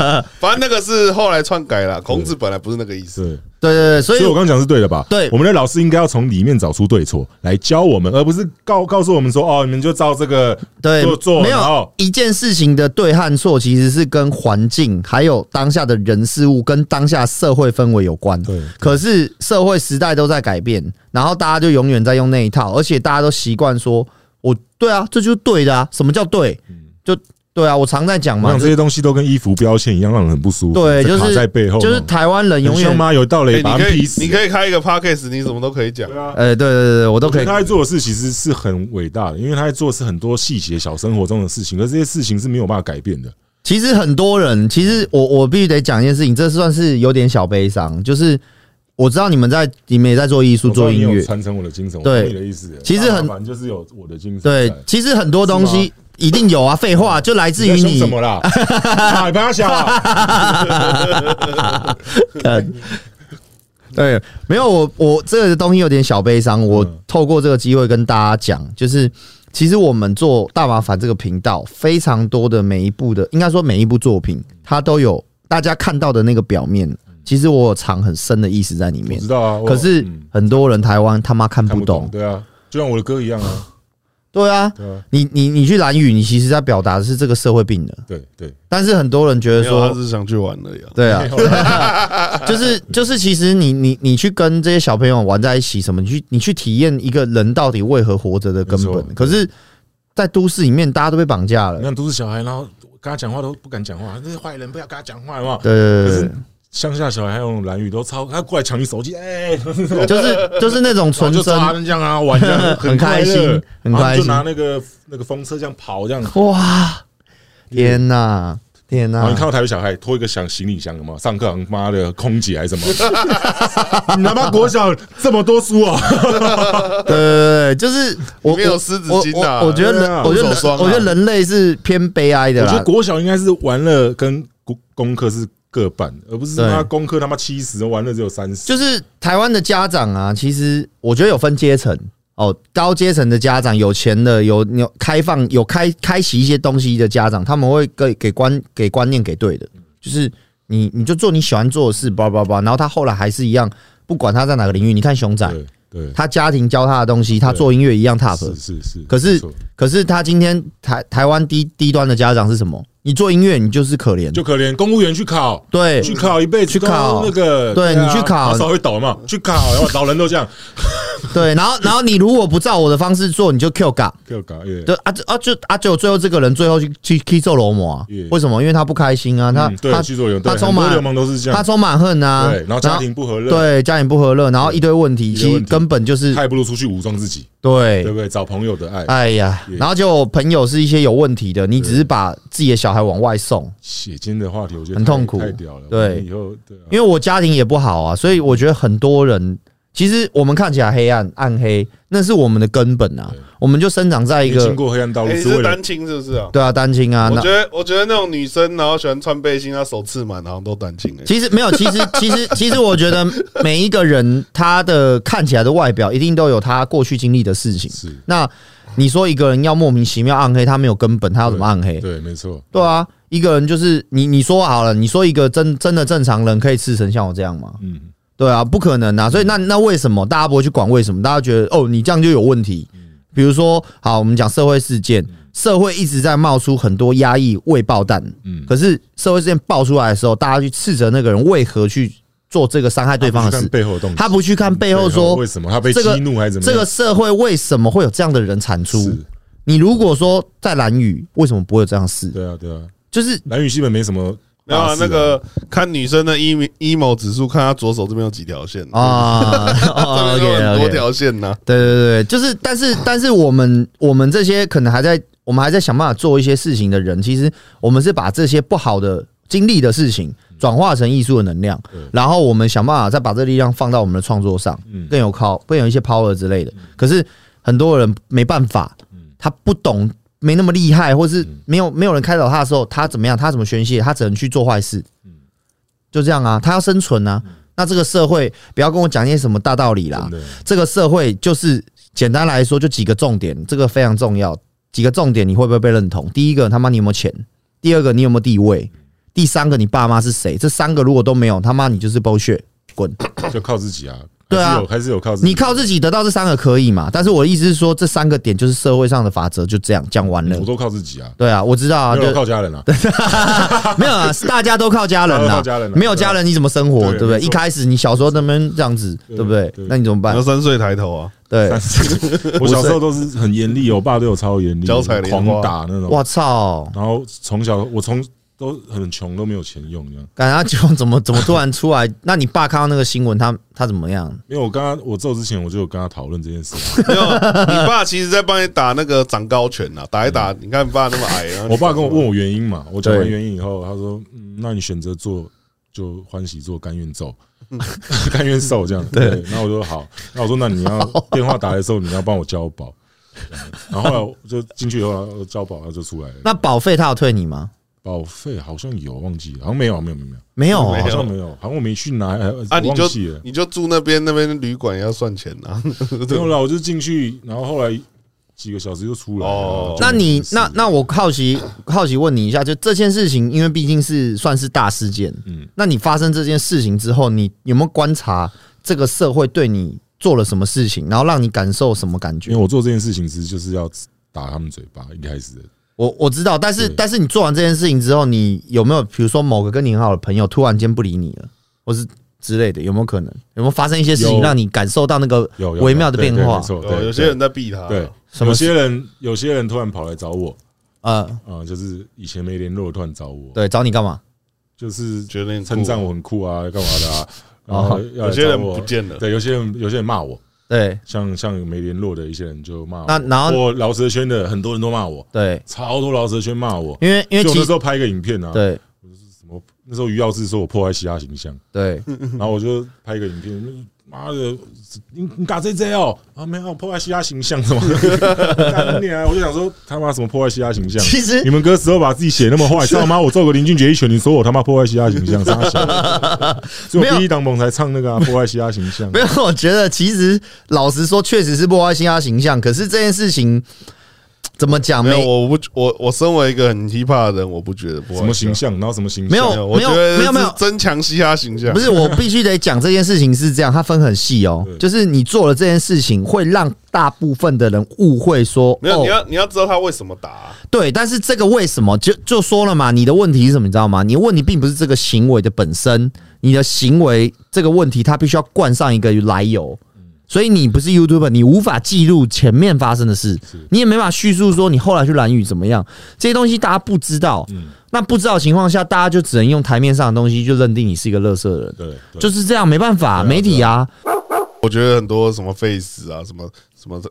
啊、 反正那個是後來篡改了，孔子本來不是那個意思。對,對對，所以所以我剛剛講是對的吧？對，我們的老師應該要從裡面找出對錯來教我們，而不是告告訴我們說：“哦，你們就照這個對做,做。對”沒有一件事情的對和錯，其實是跟環境還有當下的人事物跟當下社會氛圍有關對。對，可是社會時代都在改變，然後大家就永遠在用那一套，而且大家都習慣說：“我對啊，這就是對的啊。”什麼叫對？嗯、就。對啊，我常在講嘛，這些東西都跟衣服標籤一樣，讓人很不舒服。對，就是在卡在背後。就是台灣人永遠、欸。你有道你你可以開一個 Podcast，你什麼都可以講。對啊，呃、欸，對對對我都可以。他在做的事其實是很偉大的，因為他在做的是很多細節小生活中的事情，而這些事情是沒有辦法改變的。其實很多人，其實我我必須得講一件事情，這算是有點小悲傷，就是我知道你們在你們也在做藝術做音樂，傳、哦、承我的精神。對我你的意思，其實很，就是有我的精神。對，其實很多東西。一定有啊！廢話、啊，就來自於你。想什麼啦？你不要想。嗯，對，沒有我，我這個東西有點小悲傷、嗯。我透過這個機會跟大家講，就是其實我們做大麻煩這個頻道，非常多的每一部的，應該說每一部作品，它都有大家看到的那個表面，其實我有藏很深的意思在裡面。知道啊我。可是很多人台灣他媽看，看不懂。對啊，就像我的歌一樣啊。對啊，對啊，你你你去蘭嶼，你其實在表達的是這個社會病的。對對，但是很多人覺得說他是想去玩了呀。啊。對啊，就是、啊、 就是，就是、其實你你你去跟這些小朋友玩在一起，什麼？你去你去體驗一個人到底為何活着的根本。可是，在都市裡面，大家都被綁架了。你看都是小孩，然後跟他講話都不敢講話，那些壞人不要跟他講話好對對對，對鄉下小孩用藍雨都超，他過來搶你手機，哎、欸，就是就是那種純真這樣啊，玩的很, 很開心，很開心，就拿那個那個風車這樣跑這樣，哇，就是、天哪、啊、天哪、啊！然後你看到台灣小孩拖一個小行李箱了嗎？上課媽的空姐還是什麼？ 你哪怕國小這麼多書啊？ 對就是我沒有濕紙巾的、啊。我覺得我覺得我覺得人類是偏悲哀的。我覺得國小應該是玩樂跟功功課是。各半，而不是他功課他媽七十，完了只有三十。就是台灣的家長啊，其實我覺得有分階層哦。高階層的家長，有錢的，有有開放，有開開啟一些東西的家長，他們會給給觀給觀念給對的，就是你你就做你喜歡做的事，叭叭叭。然後他後來還是一樣，不管他在哪個領域，你看熊仔對，對，他家庭教他的東西，他做音樂一樣踏實。是是是。可是可是他今天台台灣低低端的家長是什麼？你做音樂，你就是可憐，就可憐公務員去考，對，去考一輩子，去考那個，對，對、啊、你去考，稍微倒嘛，去考， 老人都這樣，對，然後然後你如果不照我的方式做，你就 Q 槓，Q 槓，對、yeah.，啊啊就啊，最後、啊、最後這個人最後去去去揍羅摩，yeah. 為什麼？因為他不開心啊，他、嗯、對他他充滿，他充滿恨啊，對，然後家庭不和樂，對，家庭不和樂，然後一堆問題，嗯、其實根本就是他還不如出去武裝自己。對，對不對？找朋友的愛，哎呀，然後就我朋友是一些有問題的，你只是把自己的小孩往外送。血腥的話題，我覺得很痛苦，太屌了。對，以後，對啊，因為我家庭也不好啊，所以我覺得很多人。其實我們看起來黑暗、暗黑，那是我們的根本啊！我們就生長在一個經過黑暗道路，欸。你是單親是不是啊？對啊，單親啊那。我覺得，我覺得那種女生，然後喜歡穿背心啊，她手刺滿，然後都單親誒、欸。其實沒有，其實其實其實，其實我覺得每一個人他的看起來的外表，一定都有他過去經歷的事情。是。那你說一個人要莫名其妙暗黑，他沒有根本，他要怎麼暗黑？對，對沒錯。對啊對，一個人就是你，你說好了，你說一個真真的正常人可以刺成像我這樣嗎？嗯。對啊，不可能啊！所以那那為什麼大家不會去管為什麼？大家覺得哦，你這樣就有問題。比如說，好，我們講社會事件，社會一直在冒出很多壓抑未爆彈。嗯，可是社會事件爆出來的時候，大家去斥責那個人為何去做這個傷害對方的事，他不去看背後東西他不去看背後說背後為什麼他被激怒還是怎麼樣？這個社會為什麼會有這樣的人產出？是。你如果說在蘭嶼，為什麼不會有這樣的事？對啊，啊、對啊，就是蘭嶼基本沒什麼。然後那個看女生的 emo emo 指數，看她左手這邊有幾條線啊、oh,，有 很多條線呢，啊 oh,。Okay, okay. 對對對對，就是，但是但是我們我們這些可能還在我們還在想辦法做一些事情的人，其實我們是把這些不好的經歷的事情轉化成藝術的能量，然後我們想辦法再把這力量放到我們的創作上，更有靠，更有一些 power 之類的。可是很多人沒辦法，他不懂。沒那麼厲害，或是沒有沒有人開導他的時候，他怎麼樣？他怎麼宣洩？他只能去做壞事。嗯，就這樣啊，他要生存啊。那這個社會不要跟我講一些什麼大道理啦。這個社會就是簡單來說就幾個重點，這個非常重要。幾個重點你會不會被認同？第一個，他媽你有沒有錢？第二個，你有沒有地位？第三個，你爸媽是誰？這三個如果都沒有，他媽你就是 bullshit，滾，就靠自己啊。對啊，還是有靠自己。你靠自己得到這三個可以嘛？但是我的意思是說，這三個點就是社會上的法則，就這樣講完了。我都靠自己啊！對啊，我知道啊，都靠家人啊。 沒有啊，大家都靠家人啊、都靠家人啊。沒有家人你怎麼生活？對,對不對？一開始你小時候能不能這樣子？對,對不對,對,對？那你怎麼辦？三歲抬頭啊！對，三歲，我小時候都是很嚴厲，我爸對我超嚴厲，的話狂打那種。哇操！然後從小我從。都很窮，都沒有錢用感覺。他就怎麼怎麼突然出來？ 那你爸看到那個新聞，他他怎麼樣？因為我剛剛我走之前，我就有跟他討論這件事，啊 沒有。你爸其實，在幫你打那個長高拳吶，啊，打一打。 你看你爸那麼矮，啊 麼。我爸跟我問我原因嘛，我講完原因以後，他說：“嗯，那你選擇做就歡喜做甘， 甘願做，甘願受這樣。”對。那我，我說好，那我說那你要電話打的時候，你要幫我交保。 然後後來我就進去以後他交保，他就出來了。 那保費他有退你嗎？保費好像有，忘記了好像沒有，沒有，沒有，沒有，沒有哦、好像沒有，好像我沒去拿啊！你就你就住那邊，那邊旅館要算錢吶、啊？沒有啦，我就進去，然後後來幾個小時就出來了。哦、了那你那那我好奇好奇問你一下，就這件事情，因為畢竟是算是大事件，嗯，那你發生這件事情之後，你有沒有觀察這個社會對你做了什麼事情，然後讓你感受什麼感覺？因為我做這件事情，其實就是要打他們嘴巴，一開始。我我知道，但是但是你做完這件事情之後，你有沒有比如說某個跟你很好的朋友突然間不理你了，或是之類的，有沒有可能有沒有發生一些事情讓你感受到那個微妙的變化？對，沒錯，對，有，有些人在避他對，對，有些人有些人突然跑來找我，啊，啊、呃，就是以前沒聯絡突然找我，對，找你幹嘛？就是覺得你稱讚我很酷啊，幹嘛的啊？然後、嗯、有些人不見了，對，有些人有些人罵我。對，像像沒聯絡的一些人就罵我，那然後我饒舌圈的很多人都罵我，對，超多饒舌圈罵我，因為因為我那時候拍一個影片啊，對，我是什麼那時候於耀師說我破壞其他形象，對，然後我就拍一個影片。 媽的，你你打 ZJ 哦啊，沒有破壞嘻哈形象的嗎？ 我就想說，他媽什麼破壞嘻哈形象？其實你們歌詞都把自己寫那麼壞，知道嗎？我做個林俊傑一拳，你說我他媽破壞嘻哈形象？ 麼啊、 所以我第一檔棚才唱那個、啊、破壞嘻哈形象、啊沒。沒有，我覺得其實老實說，確實是破壞嘻哈形象。可是這件事情。怎麼講？沒有，沒我不，我我身為一個很奇葩的人，我不覺得不會什麼形象，然後什麼形象，沒有，沒有，真沒有，沒有增強嘻哈形象。不是，我必須得講這件事情是這樣，它分很細哦， 就是你做了這件事情，會讓大部分的人誤會說，沒有、哦，你要你要知道他為什麼打、啊。對，但是這個為什麼就就說了嘛？你的問題是什麼？你知道嗎？你的問題並不是這個行為的本身，你的行為這個問題，他必須要冠上一個來由。所以你不是 YouTuber，你無法記錄前面發生的事，你也沒法敘述說你後來去蘭嶼怎麼樣，這些東西大家不知道。嗯、那不知道情況下，大家就只能用台面上的東西，就認定你是一個垃圾人對。對，就是這樣，沒辦法，啊、媒體啊，啊，啊。我覺得很多什麼 Face 啊什麼。什麼的，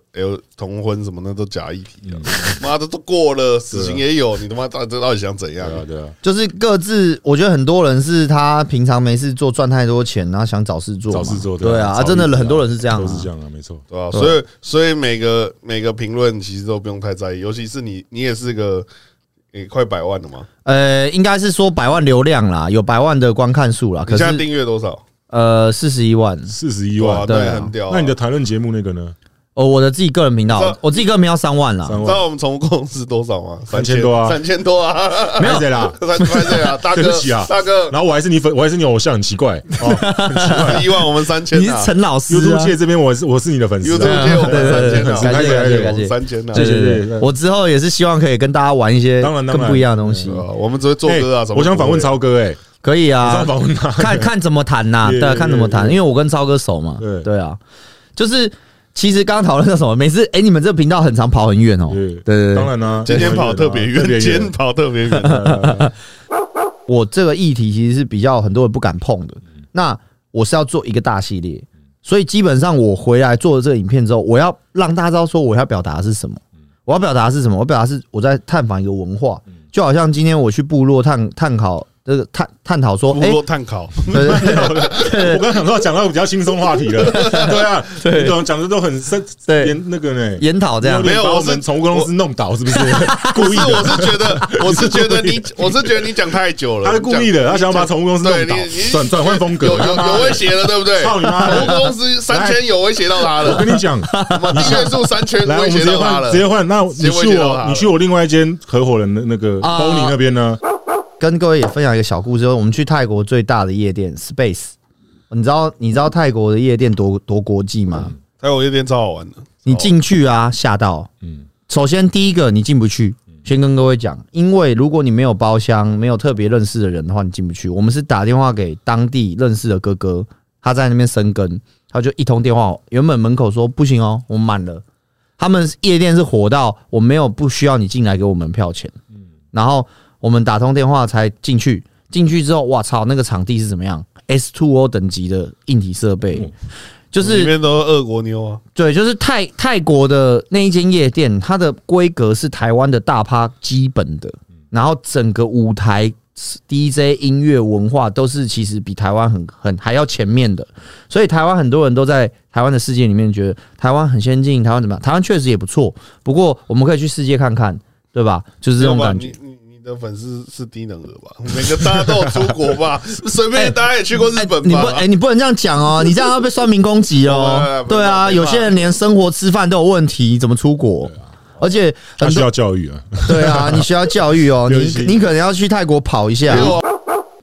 同婚什麼那都假議題了、啊嗯，媽 的都過了，死刑也有，啊、你他媽大這到底想怎樣啊？對啊，就是各自，我覺得很多人是他平常沒事做，賺太多錢、啊，然後想找事做，事做、啊，找事做、啊，對啊，真的很多人是這樣、啊，都是這樣啊，沒錯，對啊所對。所以，所以每個每個評論其實都不用太在意，尤其是你，你也是個，你快百萬了嘛？呃，應該是說百萬流量啦，有百萬的觀看數啦。你現在訂閱多少？呃，四十一萬，四十一萬，對、啊，很屌、啊啊。那你的談論節目那個呢？哦、oh,，我的自己個人頻道，道，我自己個人頻道三萬了。知道我們總共是多少嗎三？三千多啊，三千多啊， 沒有誰 啦沒有誰了，對不起啊，大哥。然後我還是你粉， 我還是你偶像，很奇怪， 哦、很奇怪。一萬我們三千，你是陳老師、啊，YouTube 界這邊，我是我是你的粉絲、啊，YouTube 界我是粉絲，感謝感謝感謝，三千啊，謝謝。我之後也是希望可以跟大家玩一些當然更不一樣的東西。我們只會做歌啊，我想訪問超哥，哎，可以啊，看看怎麼談吶？對啊，看怎麼談，因為我跟超哥熟嘛。對啊，就是。其實剛剛討論那什麼，每次哎，你們這頻道很常跑很遠哦、喔。Yeah, 對對,對當然呢、啊，今天跑特別遠、啊啊，今天跑特別遠。 我這個議題其實是比較很多人不敢碰的，那我是要做一個大系列，所以基本上我回來做了這個影片之後，我要讓大家知道說我要表達的是什麼，我要表達是什麼，我表達是我在探訪一個文化，就好像今天我去部落探探考探探討說，不討，探、欸、討。對對對對對 我剛剛講到講到比較輕鬆話題了，對啊，對，講的都很深，對，那個呢，研討這樣，沒有，把我們寵物公司弄倒，是不是？ 不是 故意的。我是覺得是，我是覺得你， 我是覺得你講太久了。他是故意的，他想要把寵物公司弄倒，轉轉換風格，有有，有威脅了， 對不對？靠你媽，寵物公司三千有威脅到， 你 到他了。我跟你講，你限數三千威脅到他了。直接換， 直接換。那你去我，你去我另外一間合夥人的那個 Bonnie 那邊呢？跟各位也分享一個小故事，我們去泰國最大的夜店 Space，你知道你知道泰國的夜店多多國際嗎？泰國夜店超好玩的，你進去啊嚇到，嗯，首先第一個你進不去，先跟各位講，因為如果你沒有包廂，沒有特別認識的人的話，你進不去。我們是打電話給當地認識的哥哥，他在那邊生根，他就一通電話，原本門口說不行哦，我滿了，他們夜店是火到我沒有不需要你進來給我門票錢，嗯，然後。我們打通電話才進去，進去之後，哇操！那個場地是怎麼樣？S Two O 等級的硬體設備，嗯，就是裡面都是俄國妞啊。對，就是泰泰國的那一間夜店，它的規格是台灣的大趴基本的，然後整個舞台、DJ 音樂文化都是其實比台灣很很還要前面的。所以台灣很多人都在台灣的世界裡面覺得台灣很先進，台灣怎麼樣？台灣確實也不錯，不過我們可以去世界看看，對吧？就是這種感覺。的粉絲是低能兒吧？每個大家都有出國吧？隨 便大家也去過日本吧？哎、欸欸欸，你不能這樣講哦， 你這樣要被酸民攻擊哦 對對對對。對啊，有些人連生活吃飯都有問題，怎麼出國？啊、而且很他需要教育啊。 對啊，你需要教育哦， 你你可能要去泰國跑一下、哦。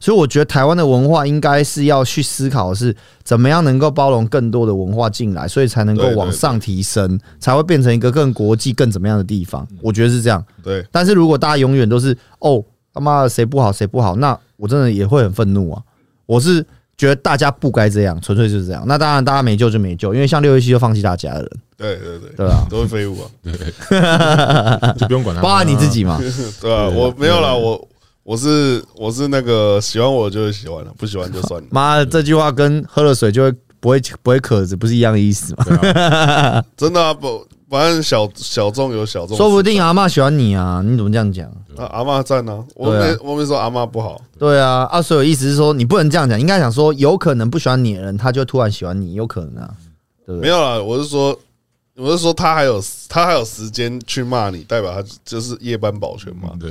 所以我覺得台灣的文化應該是要去思考，是怎麼樣能夠包容更多的文化進來，所以才能夠往上提升，才會變成一個更國際、更怎麼樣的地方。我覺得是這樣。對。但是如果大家永遠都是哦他媽的誰不好誰不好，那我真的也會很憤怒啊！我是覺得大家不該這樣，純粹就是這樣。那當然，大家沒救就沒救，因為像六一七就放棄大家的人，對對對，對吧？都是廢物啊！對，對，對， 就不用管他、啊，包含你自己嘛？ 對啊，我沒有啦，我。我是我是那個喜歡我就會喜歡了，不喜歡就算了。媽，這句話跟喝了水就會不會不會渴着，不是一樣的意思嗎？啊、 真的、啊，不，反正小小眾有小眾，說不定阿嬤喜歡你啊？你怎麼這樣講、啊啊？阿阿嬤在呢，我沒、啊、我沒說阿嬤不好。對啊，啊，所以我意思是說，你不能這樣講，應該想說，有可能不喜歡你的人，他就突然喜歡你，有可能啊，對不對？沒有啦，我是說。我是說他，他還有他還有時間去罵你，代表他就是夜班保全嘛、嗯？對，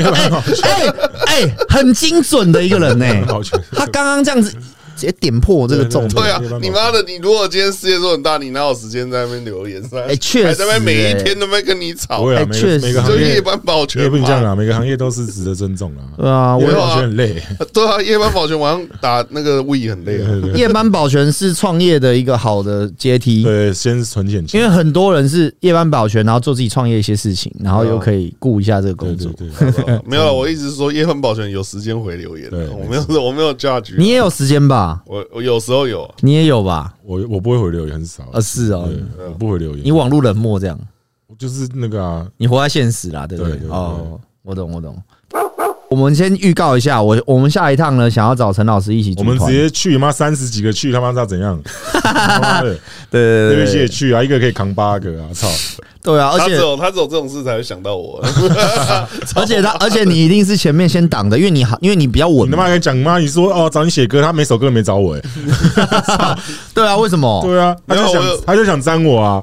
夜班保全，哎、欸、哎、欸，很精準的一個人呢、欸。 他剛剛這樣子。直接點破我這個重點，對對對對。對啊，你媽的，你如果今天事業做很大，你哪有時間在那邊留言？哎，確、欸欸、在那邊每一天都在跟你吵。確、欸、實，每你、欸實，每，每個行業不一樣啊，每個行業都是值得尊重啊。對啊，我也覺得很累、啊。對啊，夜班保全晚上打那個會很累、啊啊啊。夜班保全、啊、 對對對 夜班保全是創業的一個好的階梯。對，先存錢，因為很多人是夜班保全，然後做自己創業一些事情，然後又可以顧一下這個工作。啊、對對對 對對對，沒有，我一直說夜班保全有時間回留言對。 對，我沒有，我沒有價值。你也有時間吧？我我有時候有、啊，你也有吧？我我不會回留言，很少啊，啊。是哦，是哦，我不回留言，你網路冷漠這樣。就是那個啊，你活在現實啦，對不對？對對對，哦，我懂，我懂。我們先預告一下，我我們下一趟呢，想要找陳老師一起去。我們直接去媽三十幾個去他媽知道怎樣？ 對對對，對，一起去啊，一個可以扛八個啊，操！對啊，而且他只有，他只有這種事才會想到我。 而且他，而且你一定是前面先擋的，因為你因為你比較穩。你他媽跟你講媽你說哦，找你寫歌，他每首歌沒找我哎、欸。 對啊，為什麼？對啊，他就想就他就想粘我啊。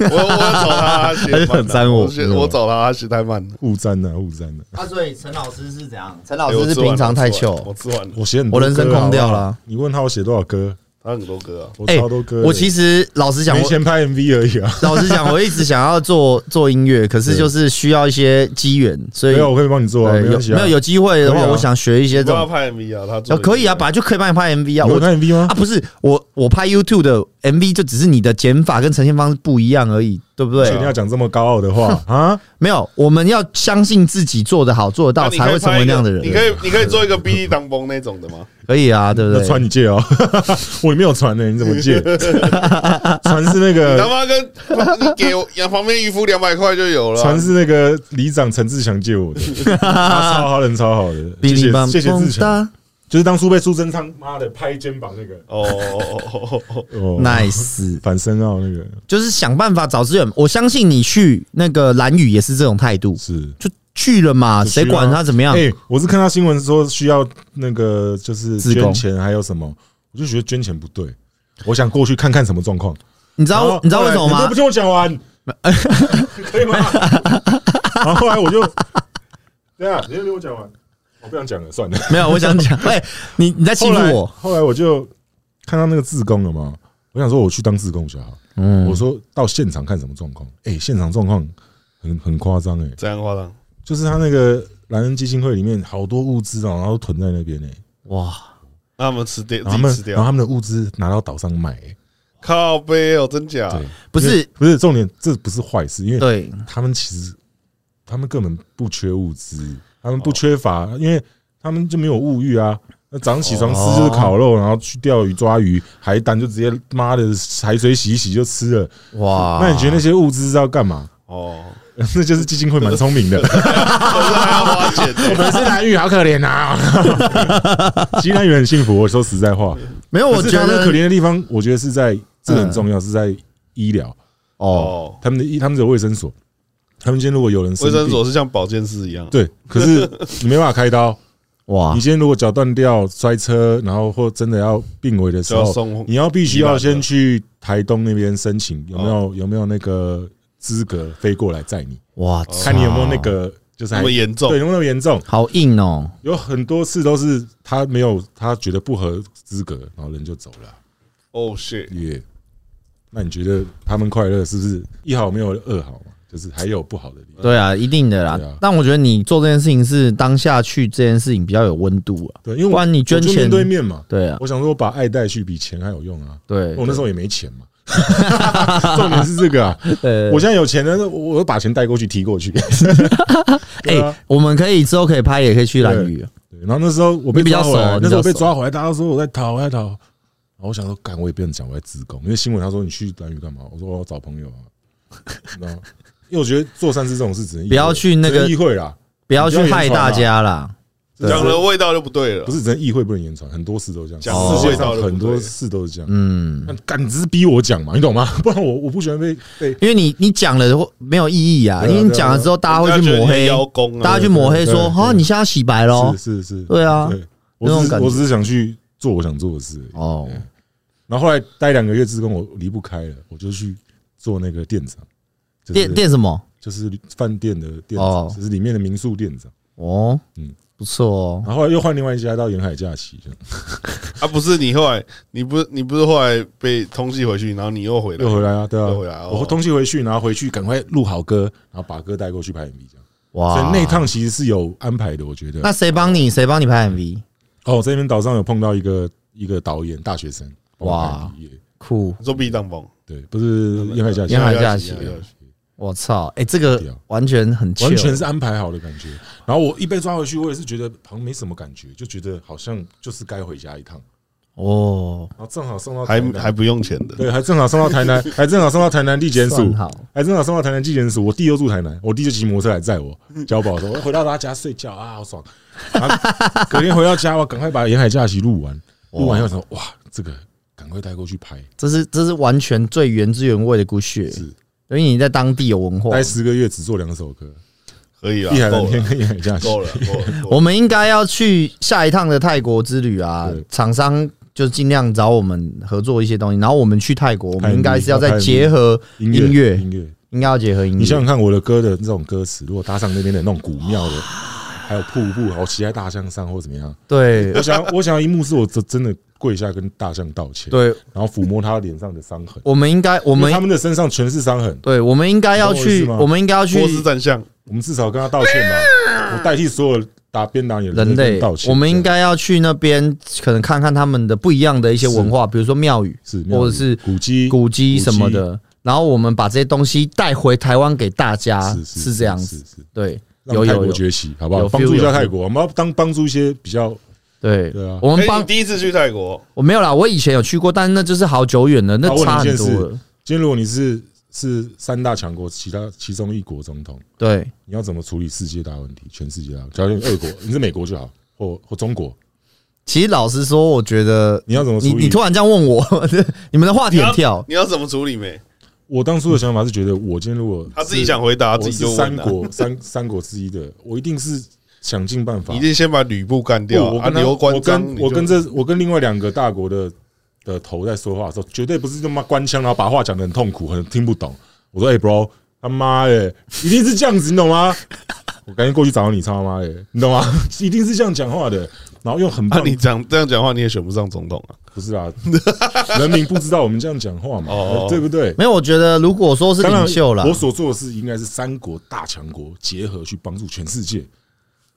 我我找他他寫想粘我，我找他他寫、啊、 太慢了， 互粘了。誤粘了，誤粘了他，所以陳老師是怎樣？陳老師是平常太糗、欸。我吃完了，我吃完了，我寫很多、啊、我人生空掉了、啊。你問他我寫多少歌？很多歌啊，哎，我其實老實講，我先拍 MV 而已啊。老實講，我一直想要做做音樂，可是就是需要一些機緣，所以沒有，我可以幫你做。沒有有機會的話，我想學一些都要拍 MV 啊，他可以啊，本來就可以幫你拍 MV 啊。我拍 MV 嗎？啊，不是，我我拍 YouTube 的 MV 就只是你的剪法跟呈現方式不一樣而已。對不對？你要講這麼高傲的話啊？沒有，我們要相信自己做得好，做得到、啊、才會成為那樣的人。你可以，你可以做一個比利當風那種的嗎？可以啊，對不對？船你借哦、喔， 我也沒有船呢、欸，你怎麼借？ 船是那個他媽跟給我旁邊漁夫兩百塊就有了。 船是那個里長陳志強借我的， 他超好人，超好的， 謝謝，謝謝志強。就是當初被蘇貞昌媽的拍肩膀那個哦，nice 哦哦哦哦哦,哦,哦 Nice 反身啊、哦、那個，就是想辦法找資源。我相信你去那個蘭嶼也是這種態度是，是就去了嘛，誰管他怎麼樣？哎、欸，我是看到新聞說需要那個就是捐錢還有什麼，我就覺得捐錢不對。我想過去看看什麼狀況，你知道後後你知道為什麼嗎？你都不聽我講完， 可以嗎？ 然後後來我就對啊，你又聽我講完。我不想講了，算了。沒有，我想講。哎、欸，你你在欺負我。後來我就看到那個志工了嘛，我想說我去當志工就好了。嗯，我說到現場看什麼狀況。哎、欸，現場狀況很很誇張、欸，哎，怎樣誇張？就是他那個藍人基金會裡面好多物資啊、喔，然後都囤在那邊呢、欸。哇，讓他們吃掉，他們吃掉，然後他們的物資拿到島上賣、欸。靠背哦、喔，真假？不是，不是重點，這不是壞事，因為他們其實他們根本不缺物資。他們不缺乏，因為他們就沒有物欲啊。那早上起床吃就是烤肉，然後去釣魚抓魚，海膽就直接媽的海水洗一洗就吃了。哇！那你覺得那些物資是要幹嘛？哦， 那就是基金會蠻聰明的對對對，啊。 好好 我們是蘭嶼，好可憐吶。其實蘭嶼很幸福。我說實在話，沒有，我覺得可憐的地方，我覺得是在這個很重要，嗯、是在醫療哦他。他們的醫，他們的衛生所。他們今天如果有人，衛生所是像保健室一樣。對，可是你沒辦法開刀。哇！你今天如果腳斷掉、摔車，然後或真的要病危的時候，你要必須要先去台東那邊申請有沒有有沒有那個資格飛過來載你？哇！看你有沒有那個，就是很嚴重，對，有沒有嚴重？好硬哦！有很多次都是他沒有，他覺得不合資格，然後人就走了。哦，是耶。那你覺得他們快樂是不是一好沒有二好嘛？就是還有不好的地方，啊、對啊，一定的啦。啊、但我覺得你做這件事情是當下去這件事情比較有溫度啊。對，因為不然你捐錢對面嘛。對啊，我想說我把愛帶去比錢還有用啊。對我那時候也沒錢嘛， 重點是這個啊。對，對我現在有錢但是我我把錢帶過去，提過去。哎、 啊欸，我們可以之後可以拍，也可以去蘭嶼啊。對，然後那時候我被比較熟、啊，較熟那時候我被抓回來，大家都說我在逃，我在逃。在逃然後我想說，幹，我也不用講我在自貢，因為新聞他說你去蘭嶼幹嘛？我說我要找朋友啊，然後。因為我覺得做善事這種事只能意會，只能意會，不要去那個意會啦，不要去害大家啦，講了味道就不對了。不是只能意會不能言傳，很多事都這樣，很多事都，這是，都，多事都是這樣。嗯，敢只逼我講嘛，你懂嗎？不然我我不喜歡被被，因為你你講了之後沒有意義啊。因為你講了之後，大家會去抹黑，啊、大家去抹黑說對對對對啊，你現在洗白嘍？是是是，是，對啊。對，我只那種感覺，我只是想去做我想做的事哦。然後後來待兩個月之後，我離不開了，我就去做那個店長。店、就、店、是、什麼？就是飯店的店長，哦、就是裡面的民宿店長。哦，嗯，不錯哦。然後，後又換另外一家到沿海假期。 啊，不是你後來，你不，你不是後來被通緝回去，然後你又回來？又回來啊，對啊，對啊又回來。哦、我通緝回去，然後回去趕快錄好歌，然後把歌帶過去拍 MV 這樣。哇，所以那一趟其實是有安排的，我覺得。那誰幫你？誰幫你拍 MV？、嗯、哦，在那邊島上有碰到一個一個導演，大學生。欸、哇，酷，做 B 檔風。對，不是沿海假期，沿海假期、啊。我操！哎、欸，這個完全很，欸、完全是安排好的感覺。然後我一被抓回去，我也是覺得好像沒什麼感覺，就覺得好像就是該回家一趟。哦，然後正好送到還還不用錢的，對，還正好送到台南，還正好送到台南地檢署，還正好送到台南地檢署。我弟又住台南，我弟就騎摩托車來載我。交保時我回到他家睡覺啊，好爽。隔天回到家，我趕快把沿海假期錄完，錄完，完又說，哇，這個趕快帶過去拍。這是這是完全最原汁原味的故事，欸。所以你在當地有文化，待十個月只做兩首歌，可以啊，一海藍天跟一海夠了，夠了，夠了 我們應該要去下一趟的泰國之旅啊！廠商就儘量找我們合作一些東西，然後我們去泰國，我們應該是要再結合音樂，音樂應該要結合音樂。你想想看，我的歌的那種歌詞，如果搭上那邊的那種古廟的、啊，還有瀑布，好騎在大象上或怎麼樣？對我想，我想要一幕是我真真的。跪下跟大象道歉，對，然後撫摸他臉上的傷痕 我。我們應該，我們他們的身上全是傷痕，對，我們應該要去我，我們應該要去。波斯戰象，我們至少跟他道歉吧、哎。我代替所有打邊黨人、人類道歉。我們應該要去那邊，可能看看他們的不一樣的一些文化，比如說廟宇，是、是或者是古蹟、古蹟什麼的。然後我們把這些東西帶回台灣給大家，是是、是、是這樣子，是是是對。有、有、有讓泰國崛起，有有有好不好？Fuel, 幫助一下泰國有有，我們要當幫助一些比較。對，對啊，我們幫、欸、你第一次去泰國，我沒有啦，我以前有去過，但是那就是好久遠了，那差很多了。了今天如果你是是三大強國，其他其中一國總統，對，你要怎麼處理世界大問題？全世界大問題，假如你俄國，你是美國就好， 或或中國。其實老實說，我覺得你要怎麼你你突然這樣問我， 你們的話題很跳。你要,你要怎麼處理沒？我當初的想法是覺得，我今天如果他自己想回答，自己就、啊，我是三國 三三國之一的，我一定是。想盡辦法，一定先把呂布幹掉、哦我啊。我跟、我跟、我跟這、我跟另外兩個大國的的頭在說話的時候，絕對不是那麼官腔，然後把話講得很痛苦，很聽不懂。我說：“哎、欸、，bro，他媽的，一定是這樣子，你懂嗎？” 我趕緊過去找到你，他媽的，你懂嗎？ 一定是這樣講話的，然後又很怕、啊、你講這樣講話，你也選不上總統啊？不是啊， 人民不知道我們這樣講話嘛？哦、哦、哦、哦、啊，對不對？沒有，我覺得如果說是領袖了，剛剛我所做的事應該是三國大強國結合去幫助全世界。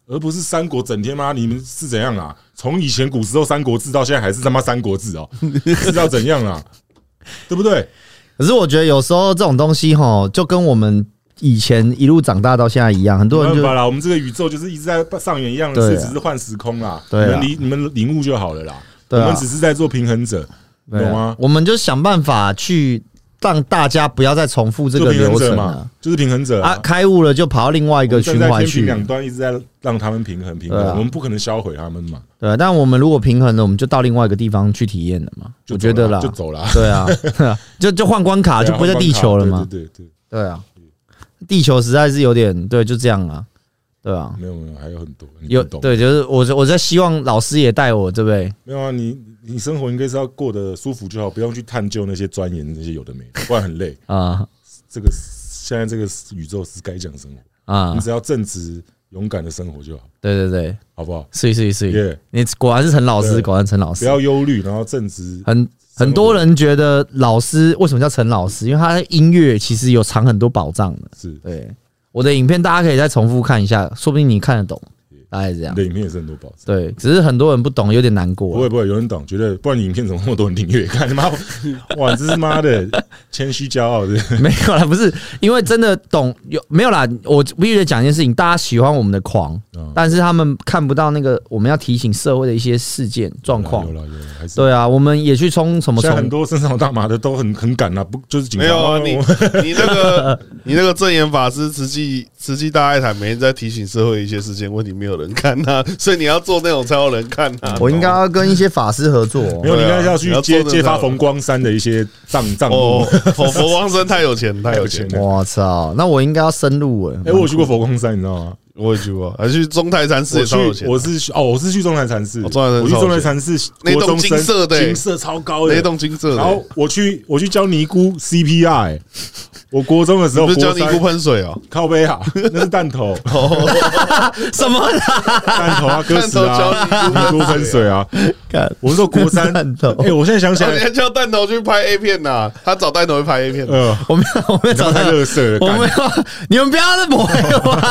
而不是三國整天嗎？你們是怎樣啊？從以前古時候《三國志》到現在還是他媽《三國志》哦，不知道怎樣啊， 對不對？可是我覺得有時候這種東西哈，就跟我們以前一路長大到現在一樣，很多人就把了。我們這個宇宙就是一直在上演一樣的事，是只是換時空啦。對，你們理你們領悟就好了啦。對，我們只是在做平衡者，對，懂嗎？我們就想辦法去。讓大家不要再重複這個流程、啊、嘛，就是平衡者啊，啊，開悟了就跑到另外一個循環去。兩端一直在讓他們平衡平衡、啊，我們不可能銷毀他們嘛。對、啊，但我們如果平衡了，我們就到另外一個地方去體驗了嘛就。我覺得啦，就走了。對啊， 就就換關卡、啊，就不在地球了嘛。對對對對,對啊！地球實在是有點對，就這樣了，對啊。沒有沒有，還有很多懂有。對，就是我我在希望老師也帶我，對不對？沒有啊，你。你生活應該是要過得舒服就好，不用去探究那些鑽研那些有的沒的，不然很累啊。這個現在這個宇宙是該講生活啊，你只要正直勇敢的生活就好。對對對，好不好？是是是，耶，你果然是陳老師，果然陳老師。不要憂慮，然後正直。很很多人覺得老師為什麼叫陳老師？因為他的音樂其實有藏很多寶藏的。是對我的影片，大家可以再重複看一下，說不定你看得懂。大概這樣，對，影片也是很多保子。對，只是很多人不懂，有點難過、啊。不會不會，有人懂，覺得不然你影片怎麼那麼多人訂閱？看你媽，哇，這是媽的謙虛驕傲的。 傲是不是沒有啦，不是因為真的懂有沒有啦？我必須講一件事情，大家喜歡我們的狂，嗯、但是他們看不到那個我們要提醒社會的一些事件狀況、啊。對啊，我們也去衝什麼？很多身上有大麻的都很很趕啊，不就是警沒有、啊、我我你你那個 你那個證嚴法師慈，慈濟慈濟大愛台每天在提醒社會的一些事件問題沒有。人看他，所以你要做那種才有人看他。我應該要跟一些法師合作， 沒有，啊、你應該要去揭揭發佛光山的一些藏藏。佛、喔哦、佛光山太有錢，太有錢。我操！那我應該要深入哎。哎、欸，我有去過佛光山，你知道嗎？我也去過，還、 啊、去中台禪寺也超有錢、啊。我有去，我是哦，我是去中台禪寺。我、哦、中台禪寺中，中台禪寺那棟金色的，金色超高的，那棟金色的。然後我去，我去教尼姑 CPI。 我國中的時候不是教你孤噴水哦、啊，靠杯好、啊，那是彈頭。 什麼彈頭啊？彈、啊、頭教你孤噴水啊？看、啊，我說國三彈頭、欸。我現在想想起來，啊、你叫彈頭去拍 A 片吶、啊，他找彈頭去拍 A 片、啊。嗯、呃，我沒有，我沒找拍熱水，我沒有，你們不要這麼。我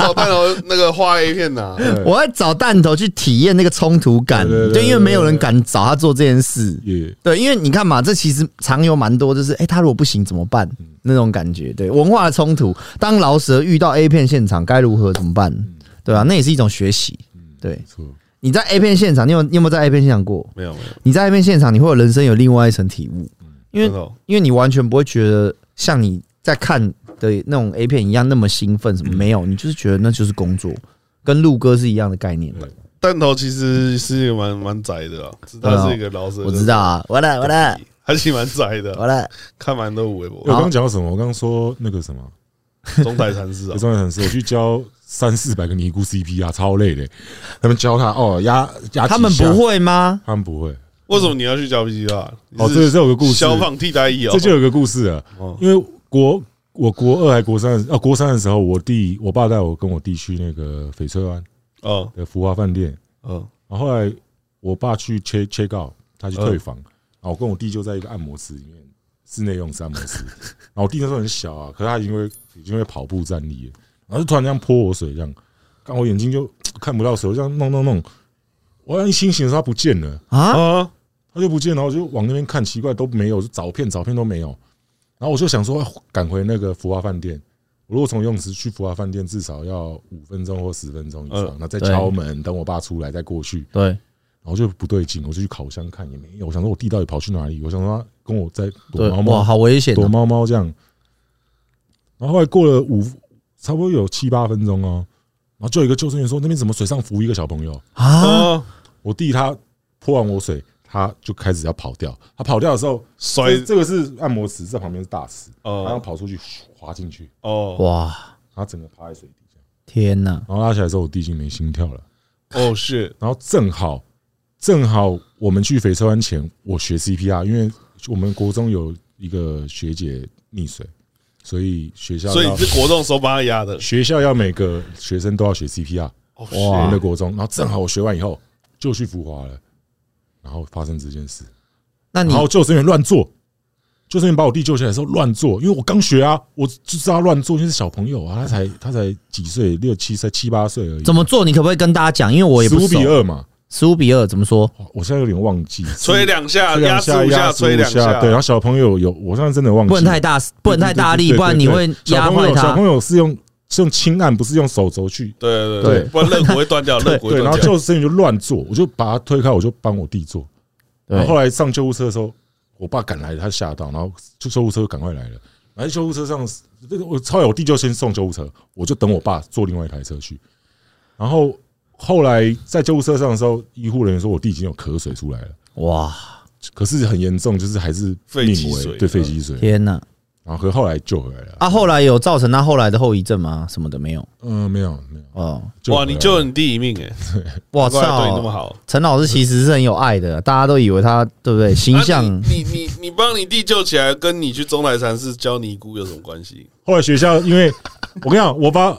找彈頭那個畫 A 片吶、啊，我要找彈頭去體驗那個衝突感，就因為沒有人敢找他做這件事。Yeah. 對，因為你看嘛，這其實藏有蠻多，就是哎、欸，他如果不行怎麼辦？嗯那種感覺，對文化的衝突，當饒舌遇到 A 片現場，該如何怎麼辦？對吧、啊？那也是一種學習。對、嗯，你在 A 片現場，你有你有沒有在 A 片現場過？沒有，沒有。你在 A 片現場，你會有人生有另外一層體悟，因為、嗯嗯、因為你完全不會覺得像你在看的那種 A 片一樣那麼興奮什麼？沒有，你就是覺得那就是工作，跟錄歌是一樣的概念的。彈頭其實是蠻蠻窄的、啊嗯，他是一個饒舌人的，我知道啊，我的我的。還是蠻宅的，我嘞，看完都微博。我剛講什麼？我剛說那個什麼，中台禪寺啊，中台禪寺。我去教三四百個尼姑 CP 啊，超累的。他們教他哦，壓壓他們不會嗎？他們不會。嗯、為什麼你要去教 CP 啊、嗯？哦，這個、這個、有個故事，消防替代役，這就有個故事啊、嗯。因為國我國二還國三的啊，國三的時候，我弟我爸帶我跟我弟去那個翡翠灣哦的福華飯店，嗯，然後,後來我爸去 check check out，他去退房。嗯嗯我跟我弟就在一個按摩池裡面，室內游泳池、按摩池。 然後我弟那時候很小啊，可是他因為已經會跑步站立，然後就突然這樣潑我水，這樣，剛好眼睛就看不到水，我這樣弄，弄弄弄。我一清醒的時候，他不見了啊，他就不見了，然後我就往那邊看，奇怪都沒有，就找遍找遍都沒有。然後我就想說，趕回那個福華飯店。我如果從游泳池去福華飯店，至少要五分鐘或十分鐘以上。那、呃、再敲門，等我爸出來再過去。對。然後就不對勁，我就去烤箱看，也沒有。我想說，我弟到底跑去哪裡？我想說，他跟我在躲貓貓，哇，好危險、啊，躲貓貓這樣。然後後來過了五，差不多有七八分鐘哦。然後就有一個救生員說：“那邊怎麼水上浮一個小朋友？”啊！我弟他潑完我水，他就開始要跑掉。他跑掉的時候，水這個是按摩池，這旁邊是大池，呃、然後跑出去滑進去哦。哇、呃！他整個趴在水底下，天哪、啊！然後拉起來之後，我弟已經沒心跳了。哦，是。然後正好。正好我們去翡翠灣前，我學 CPR，因為我們國中有一個學姐溺水，所以學校,學校學學 CPR, 所以是國中時候幫她壓的。學校要每個學生都要學 CPR，哦，學的、啊、國中。然後正好我學完以後就去浮華了，然後發生這件事。那你然後救生員亂做，救生員把我弟救起來的時候亂做，因為我剛學啊，我就知道亂做，因為是小朋友啊，他才他才幾歲，六七才七八歲而已。怎麼做？你可不可以跟大家講？因為我也不熟。15比2嘛。十五比二，怎麼說？我現在有點忘記，吹兩下，壓住一下，吹兩下,下,下,下，對。然後小朋友有，我現在真的忘記，不能太大，不能太大力，對對對對對不然你會壓壞他小。小朋友是用是用輕按，不是用手肘去對對對對對對。對對對，不然肋骨會斷掉, 掉。對對，然後就救生員就亂做，我就把他推開，我就幫我弟做。然後後來上救護車的時候，我爸趕來，他嚇到，然後救護車趕快來了。來救護車上，這個我超有，我弟就先送救護車，我就等我爸坐另外一台車去。然後。後來在救護車上的時候，醫護人員說我弟已經有咳水出來了。哇！可是很嚴重，就是還是肺積水，對肺積水。天哪啊啊！然後後來救回來了啊。啊，後來有造成他後來的後遺症嗎？什麼的沒有、啊？嗯，沒有，沒有。哦，哇！你救了你弟一命哎、欸！哇、啊，塞，對你那麼好、啊，陳老師其實是很有愛的。大家都以為他，對不對？形象？你你你幫你,你弟救起來，跟你去中台禪寺教尼姑有什麼關係？後來學校，因為我跟你講，我幫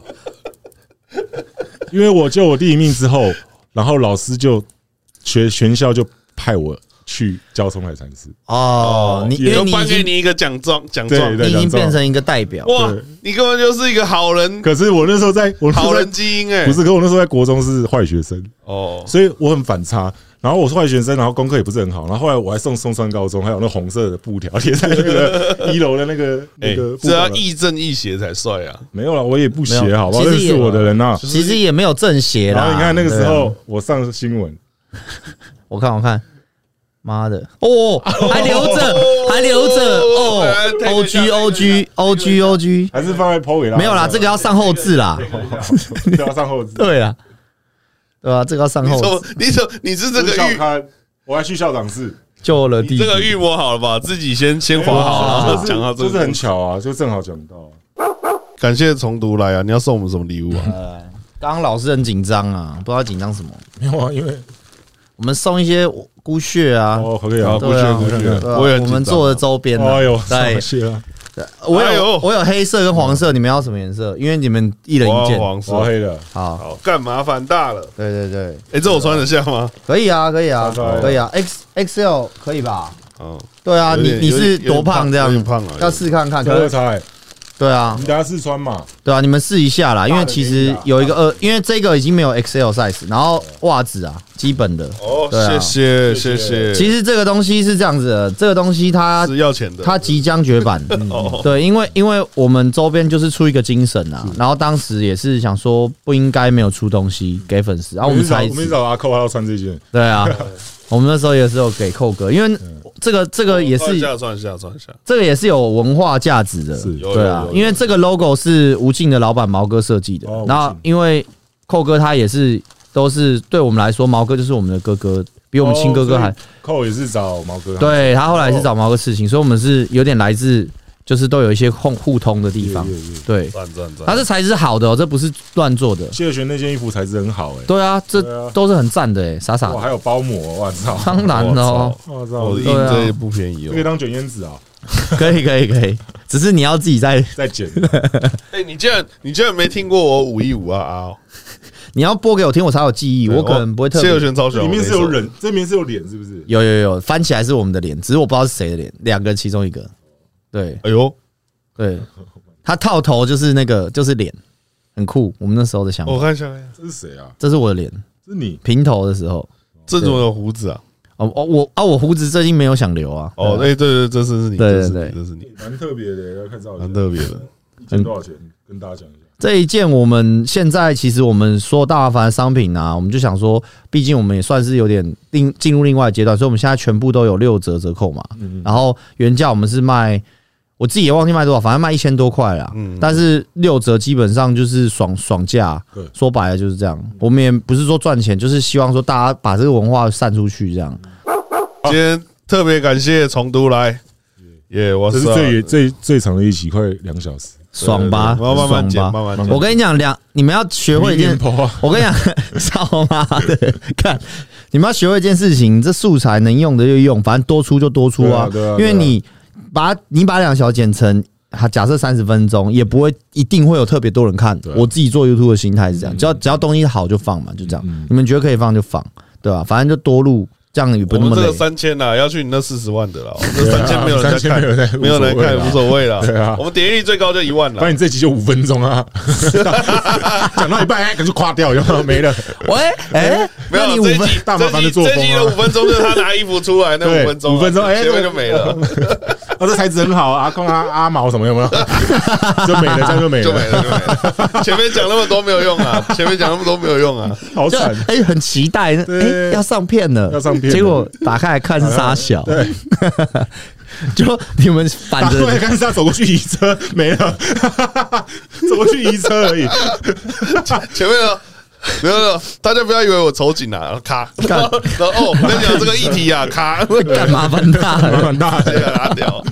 因為我救我弟弟命之後，然後老師就學學校就派我去交通海參師。哦，你，也頒給你一個獎狀獎狀，你已經變成一個代表。哇，你根本就是一個好人。好人欸、可是我那時候在好人基因哎，不是，可是我那時候在國中是壞學生哦，所以我很反差。然後我是壞學生，然後功課也不是很好，然後後來我還送送上高中，還有那紅色的布條貼在那個一樓的那個那個。這、 欸、要亦正亦邪才帥啊！沒有啦，我也不邪，好不好？其實認識我的人吶、啊，其實也沒有正邪啦。然後你看那個時候，我上新聞、啊，我看我看，媽的哦，還留着，還留着哦，O G O G O G O G，還是放在 PO 裡啦。沒有啦、這個，這個要上後製啦， 這個要上後製。對啦。對吧、啊？這個要善後。你說，你說，你是這個預勘，我還去校長室就 了第一個這個預謀，好了吧？自己先先畫好，好了、啊。講到這，真的是這是這是很巧啊，就正好講到。啊、講到 感謝重讀來啊！你要送我們什麼禮物啊？剛、呃、剛老師很緊張啊，不知道緊張什麼。沒有啊，因為我們送一些菇屑啊，哦可以啊，菇、啊啊啊、我也、啊啊、我們做的周邊、啊哦。哎呦，什麼屑啊？對我有、哦，我有黑色跟黃色，嗯、你們要什麼顏色？因為你們一人一件，我，黃色我黑的。好，好，幹嘛？反大了。對對對，哎、欸，這我穿得下嗎可、啊可啊啊可啊？可以啊，可以啊，可以啊。X XL 可以吧？嗯，對啊，有有你你是多胖這樣子？有點胖啊，要試看看。可，不可以。對啊，你等下試穿嘛？對啊，你們試一下啦，因為其實有一個二，因為這個已經沒有 XL size，然後襪子啊，基本的。對啊、哦，謝謝謝謝。其實這個東西是這樣子的，這個東西它是要錢的，它即將絕版。嗯、哦，對，因為因為我們週邊就是出一個精神吶、啊，然後當時也是想說不應該沒有出東西給粉絲，然後我們找我們找阿扣還要穿這件。對啊，對啊，對我們那時候也是有給扣哥，因為。這個這個也是，算一下算一下這個也是有文化價值的，這個、是值的是對啊，因為這個 logo 是吳靜的老闆毛哥設計的、哦，然後因為寇哥他也是都是對我們來說，毛哥就是我們的哥哥，比我們親哥哥還，寇也是找毛哥，對他後來也是找毛哥刺青，所以我們是有點來自。就是都有一些互互通的地方，對，對對對，它這材質好的、哦，這不是亂做的。謝學全那件衣服材質很好、欸，哎，對啊，這啊都是很讚的、欸，傻傻。我還有包膜，我操！當然哦！我操，我印這也不便宜哦，可以當卷煙紙啊，可以、哦， 可以，可以，只是你要自己再 再剪吧。哎，你竟然你竟然沒聽過我五一五二啊！你要播給我聽，我才有記憶。我可能不會特別。謝學全超喜歡，裡面是有人，這邊是有臉，是不是？有有有，翻起來是我們的臉，只是我不知道是誰的臉，兩個其中一個。對，哎呦，對，他套頭就是那個，就是臉，很酷。我們那時候的想法，哦、我看一下，這是誰啊？這是我的臉，這是你平頭的時候，哦、這我有鬍子啊。哦哦，我啊，我鬍子最近沒有想留啊。哦、欸，對對對，這是是你，對對對，這是你，蠻、欸、特別的，要看多少錢，特別的，一件多少錢？嗯、跟大家講一下，這一件我們現在其實我們說大麻煩的商品呢、啊，我們就想說，畢竟我們也算是有點另進入另外階段，所以我們現在全部都有六折折扣嘛。然後原價我們是賣。我自己也忘記賣多少，反正賣一千多塊了。嗯，但是六折基本上就是爽爽價。對，說白了就是這樣。我們也不是說賺錢，就是希望說大家把這個文化散出去，這樣、啊。今天特別感謝重讀來，耶，我是最最最長的一期快兩小時，對對對，爽吧，對對對，我要慢慢就是、爽吧慢慢剪。我跟你講，兩你們要學會一件，我跟你講，操 媽的，看你們要學會一件事情，這素材能用的就用，反正多出就多出啊，對啊對啊對啊，因為你。把你把兩小剪成，假設三十分鐘，也不會一定會有特別多人看。我自己做 YouTube 的心態是這樣，嗯嗯只要只要東西好就放嘛，就這樣。嗯嗯你們覺得可以放就放，對吧、啊？反正就多錄，這樣也不那麼。我們這個三千吶、啊，要去你那四十萬的了。這、啊、三千沒有人看沒有人，沒有人看，無所謂了。對、啊對啊、我們點擊率最高就一萬了。反正、啊、你這集就五分鐘啊，講 到一半、欸、可是垮掉，然後沒了。喂，哎，沒有你五分鐘，這集的五分鐘就是他拿衣服出來 那五分鐘、啊，五分鐘哎，欸、就沒了。 他、哦、這才子很好啊，阿空啊，阿毛什麼有沒有？就沒了，這樣就，沒了就沒了，就沒了。前面講那麼多沒有用啊，前面講那麼多沒有用啊，好慘！哎、欸，很期待，哎、欸，要上片了，要上片。結果打開來看是沙小，對，就你們反着來看是他走過去移車沒了，走過去移車而已。 前面呢？不要，大家不要以為我抽筋了，咔，然後我跟你講這個議題啊，咔干，麻煩大了，麻煩大，這個拿掉，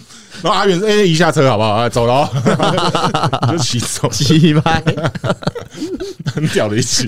然後阿遠說，哎一下車好不好啊？走了，一 起走，起飛， 很屌的一起。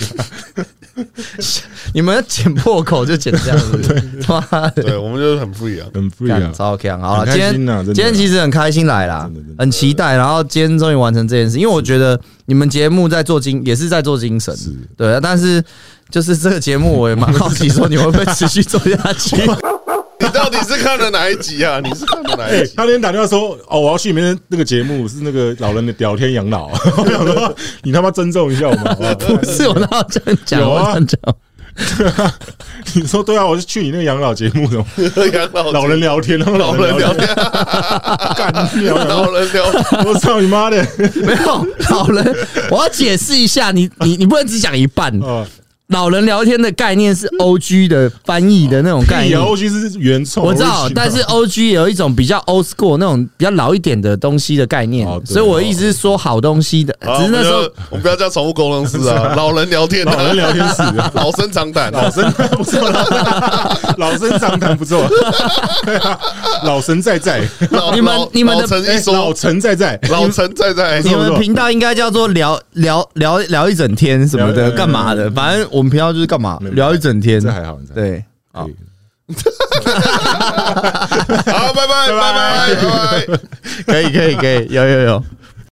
你們剪破口就剪這樣子是是， 對， 對 我們就是很 free 啊，很 free 啊，超 o 好了，啊，今天、啊、今天其實很開心來啦，啊啊、很期待。然後今天終於完成這件事，因為我覺得你們節目在做精、啊，也是在做精神、啊，對。但是就是這個節目，我也蠻好奇，說你會不會持續做下去？ 你到底是看了哪一集啊？你是看了哪一集、啊欸？他那天打電話說：“哦，我要去裡面的那個節目，是那個老人的聊天養老。 ”我想說，對對對，你他媽尊重一下我們好不好？對對對，不是，我哪有這樣講。有啊，這樣對啊，你說，對啊，我是去你那個養老節目，的。老」老老人聊天，然後老人聊天，老人聊天 我操你媽的！沒有老人，我要解釋一下，你你你不能只講一半。啊老人聊天的概念是 O G 的翻譯的那種概念，O G 是原創，我知道。啊、但是 O G 有一種比較 old school 那種比較老一點的東西的概念，啊啊、所以我意思是說好東西的。啊，只是那時候我不要叫寵物溝通師啊，啊，老人聊天、啊，老人聊天是老生常談，老生不錯，老生常談不錯，對啊，老神、哎、在，在，在在。你們你們的陳老陳在在，老陳在在，你們頻道應該叫做聊聊聊聊一整天什麼的，幹嘛的？反正我。我們平常就是幹嘛沒沒聊一整天，這還好。還好，對，好， 好 拜拜，拜拜，拜拜， 拜拜，可以，可以，可以，有，有，有。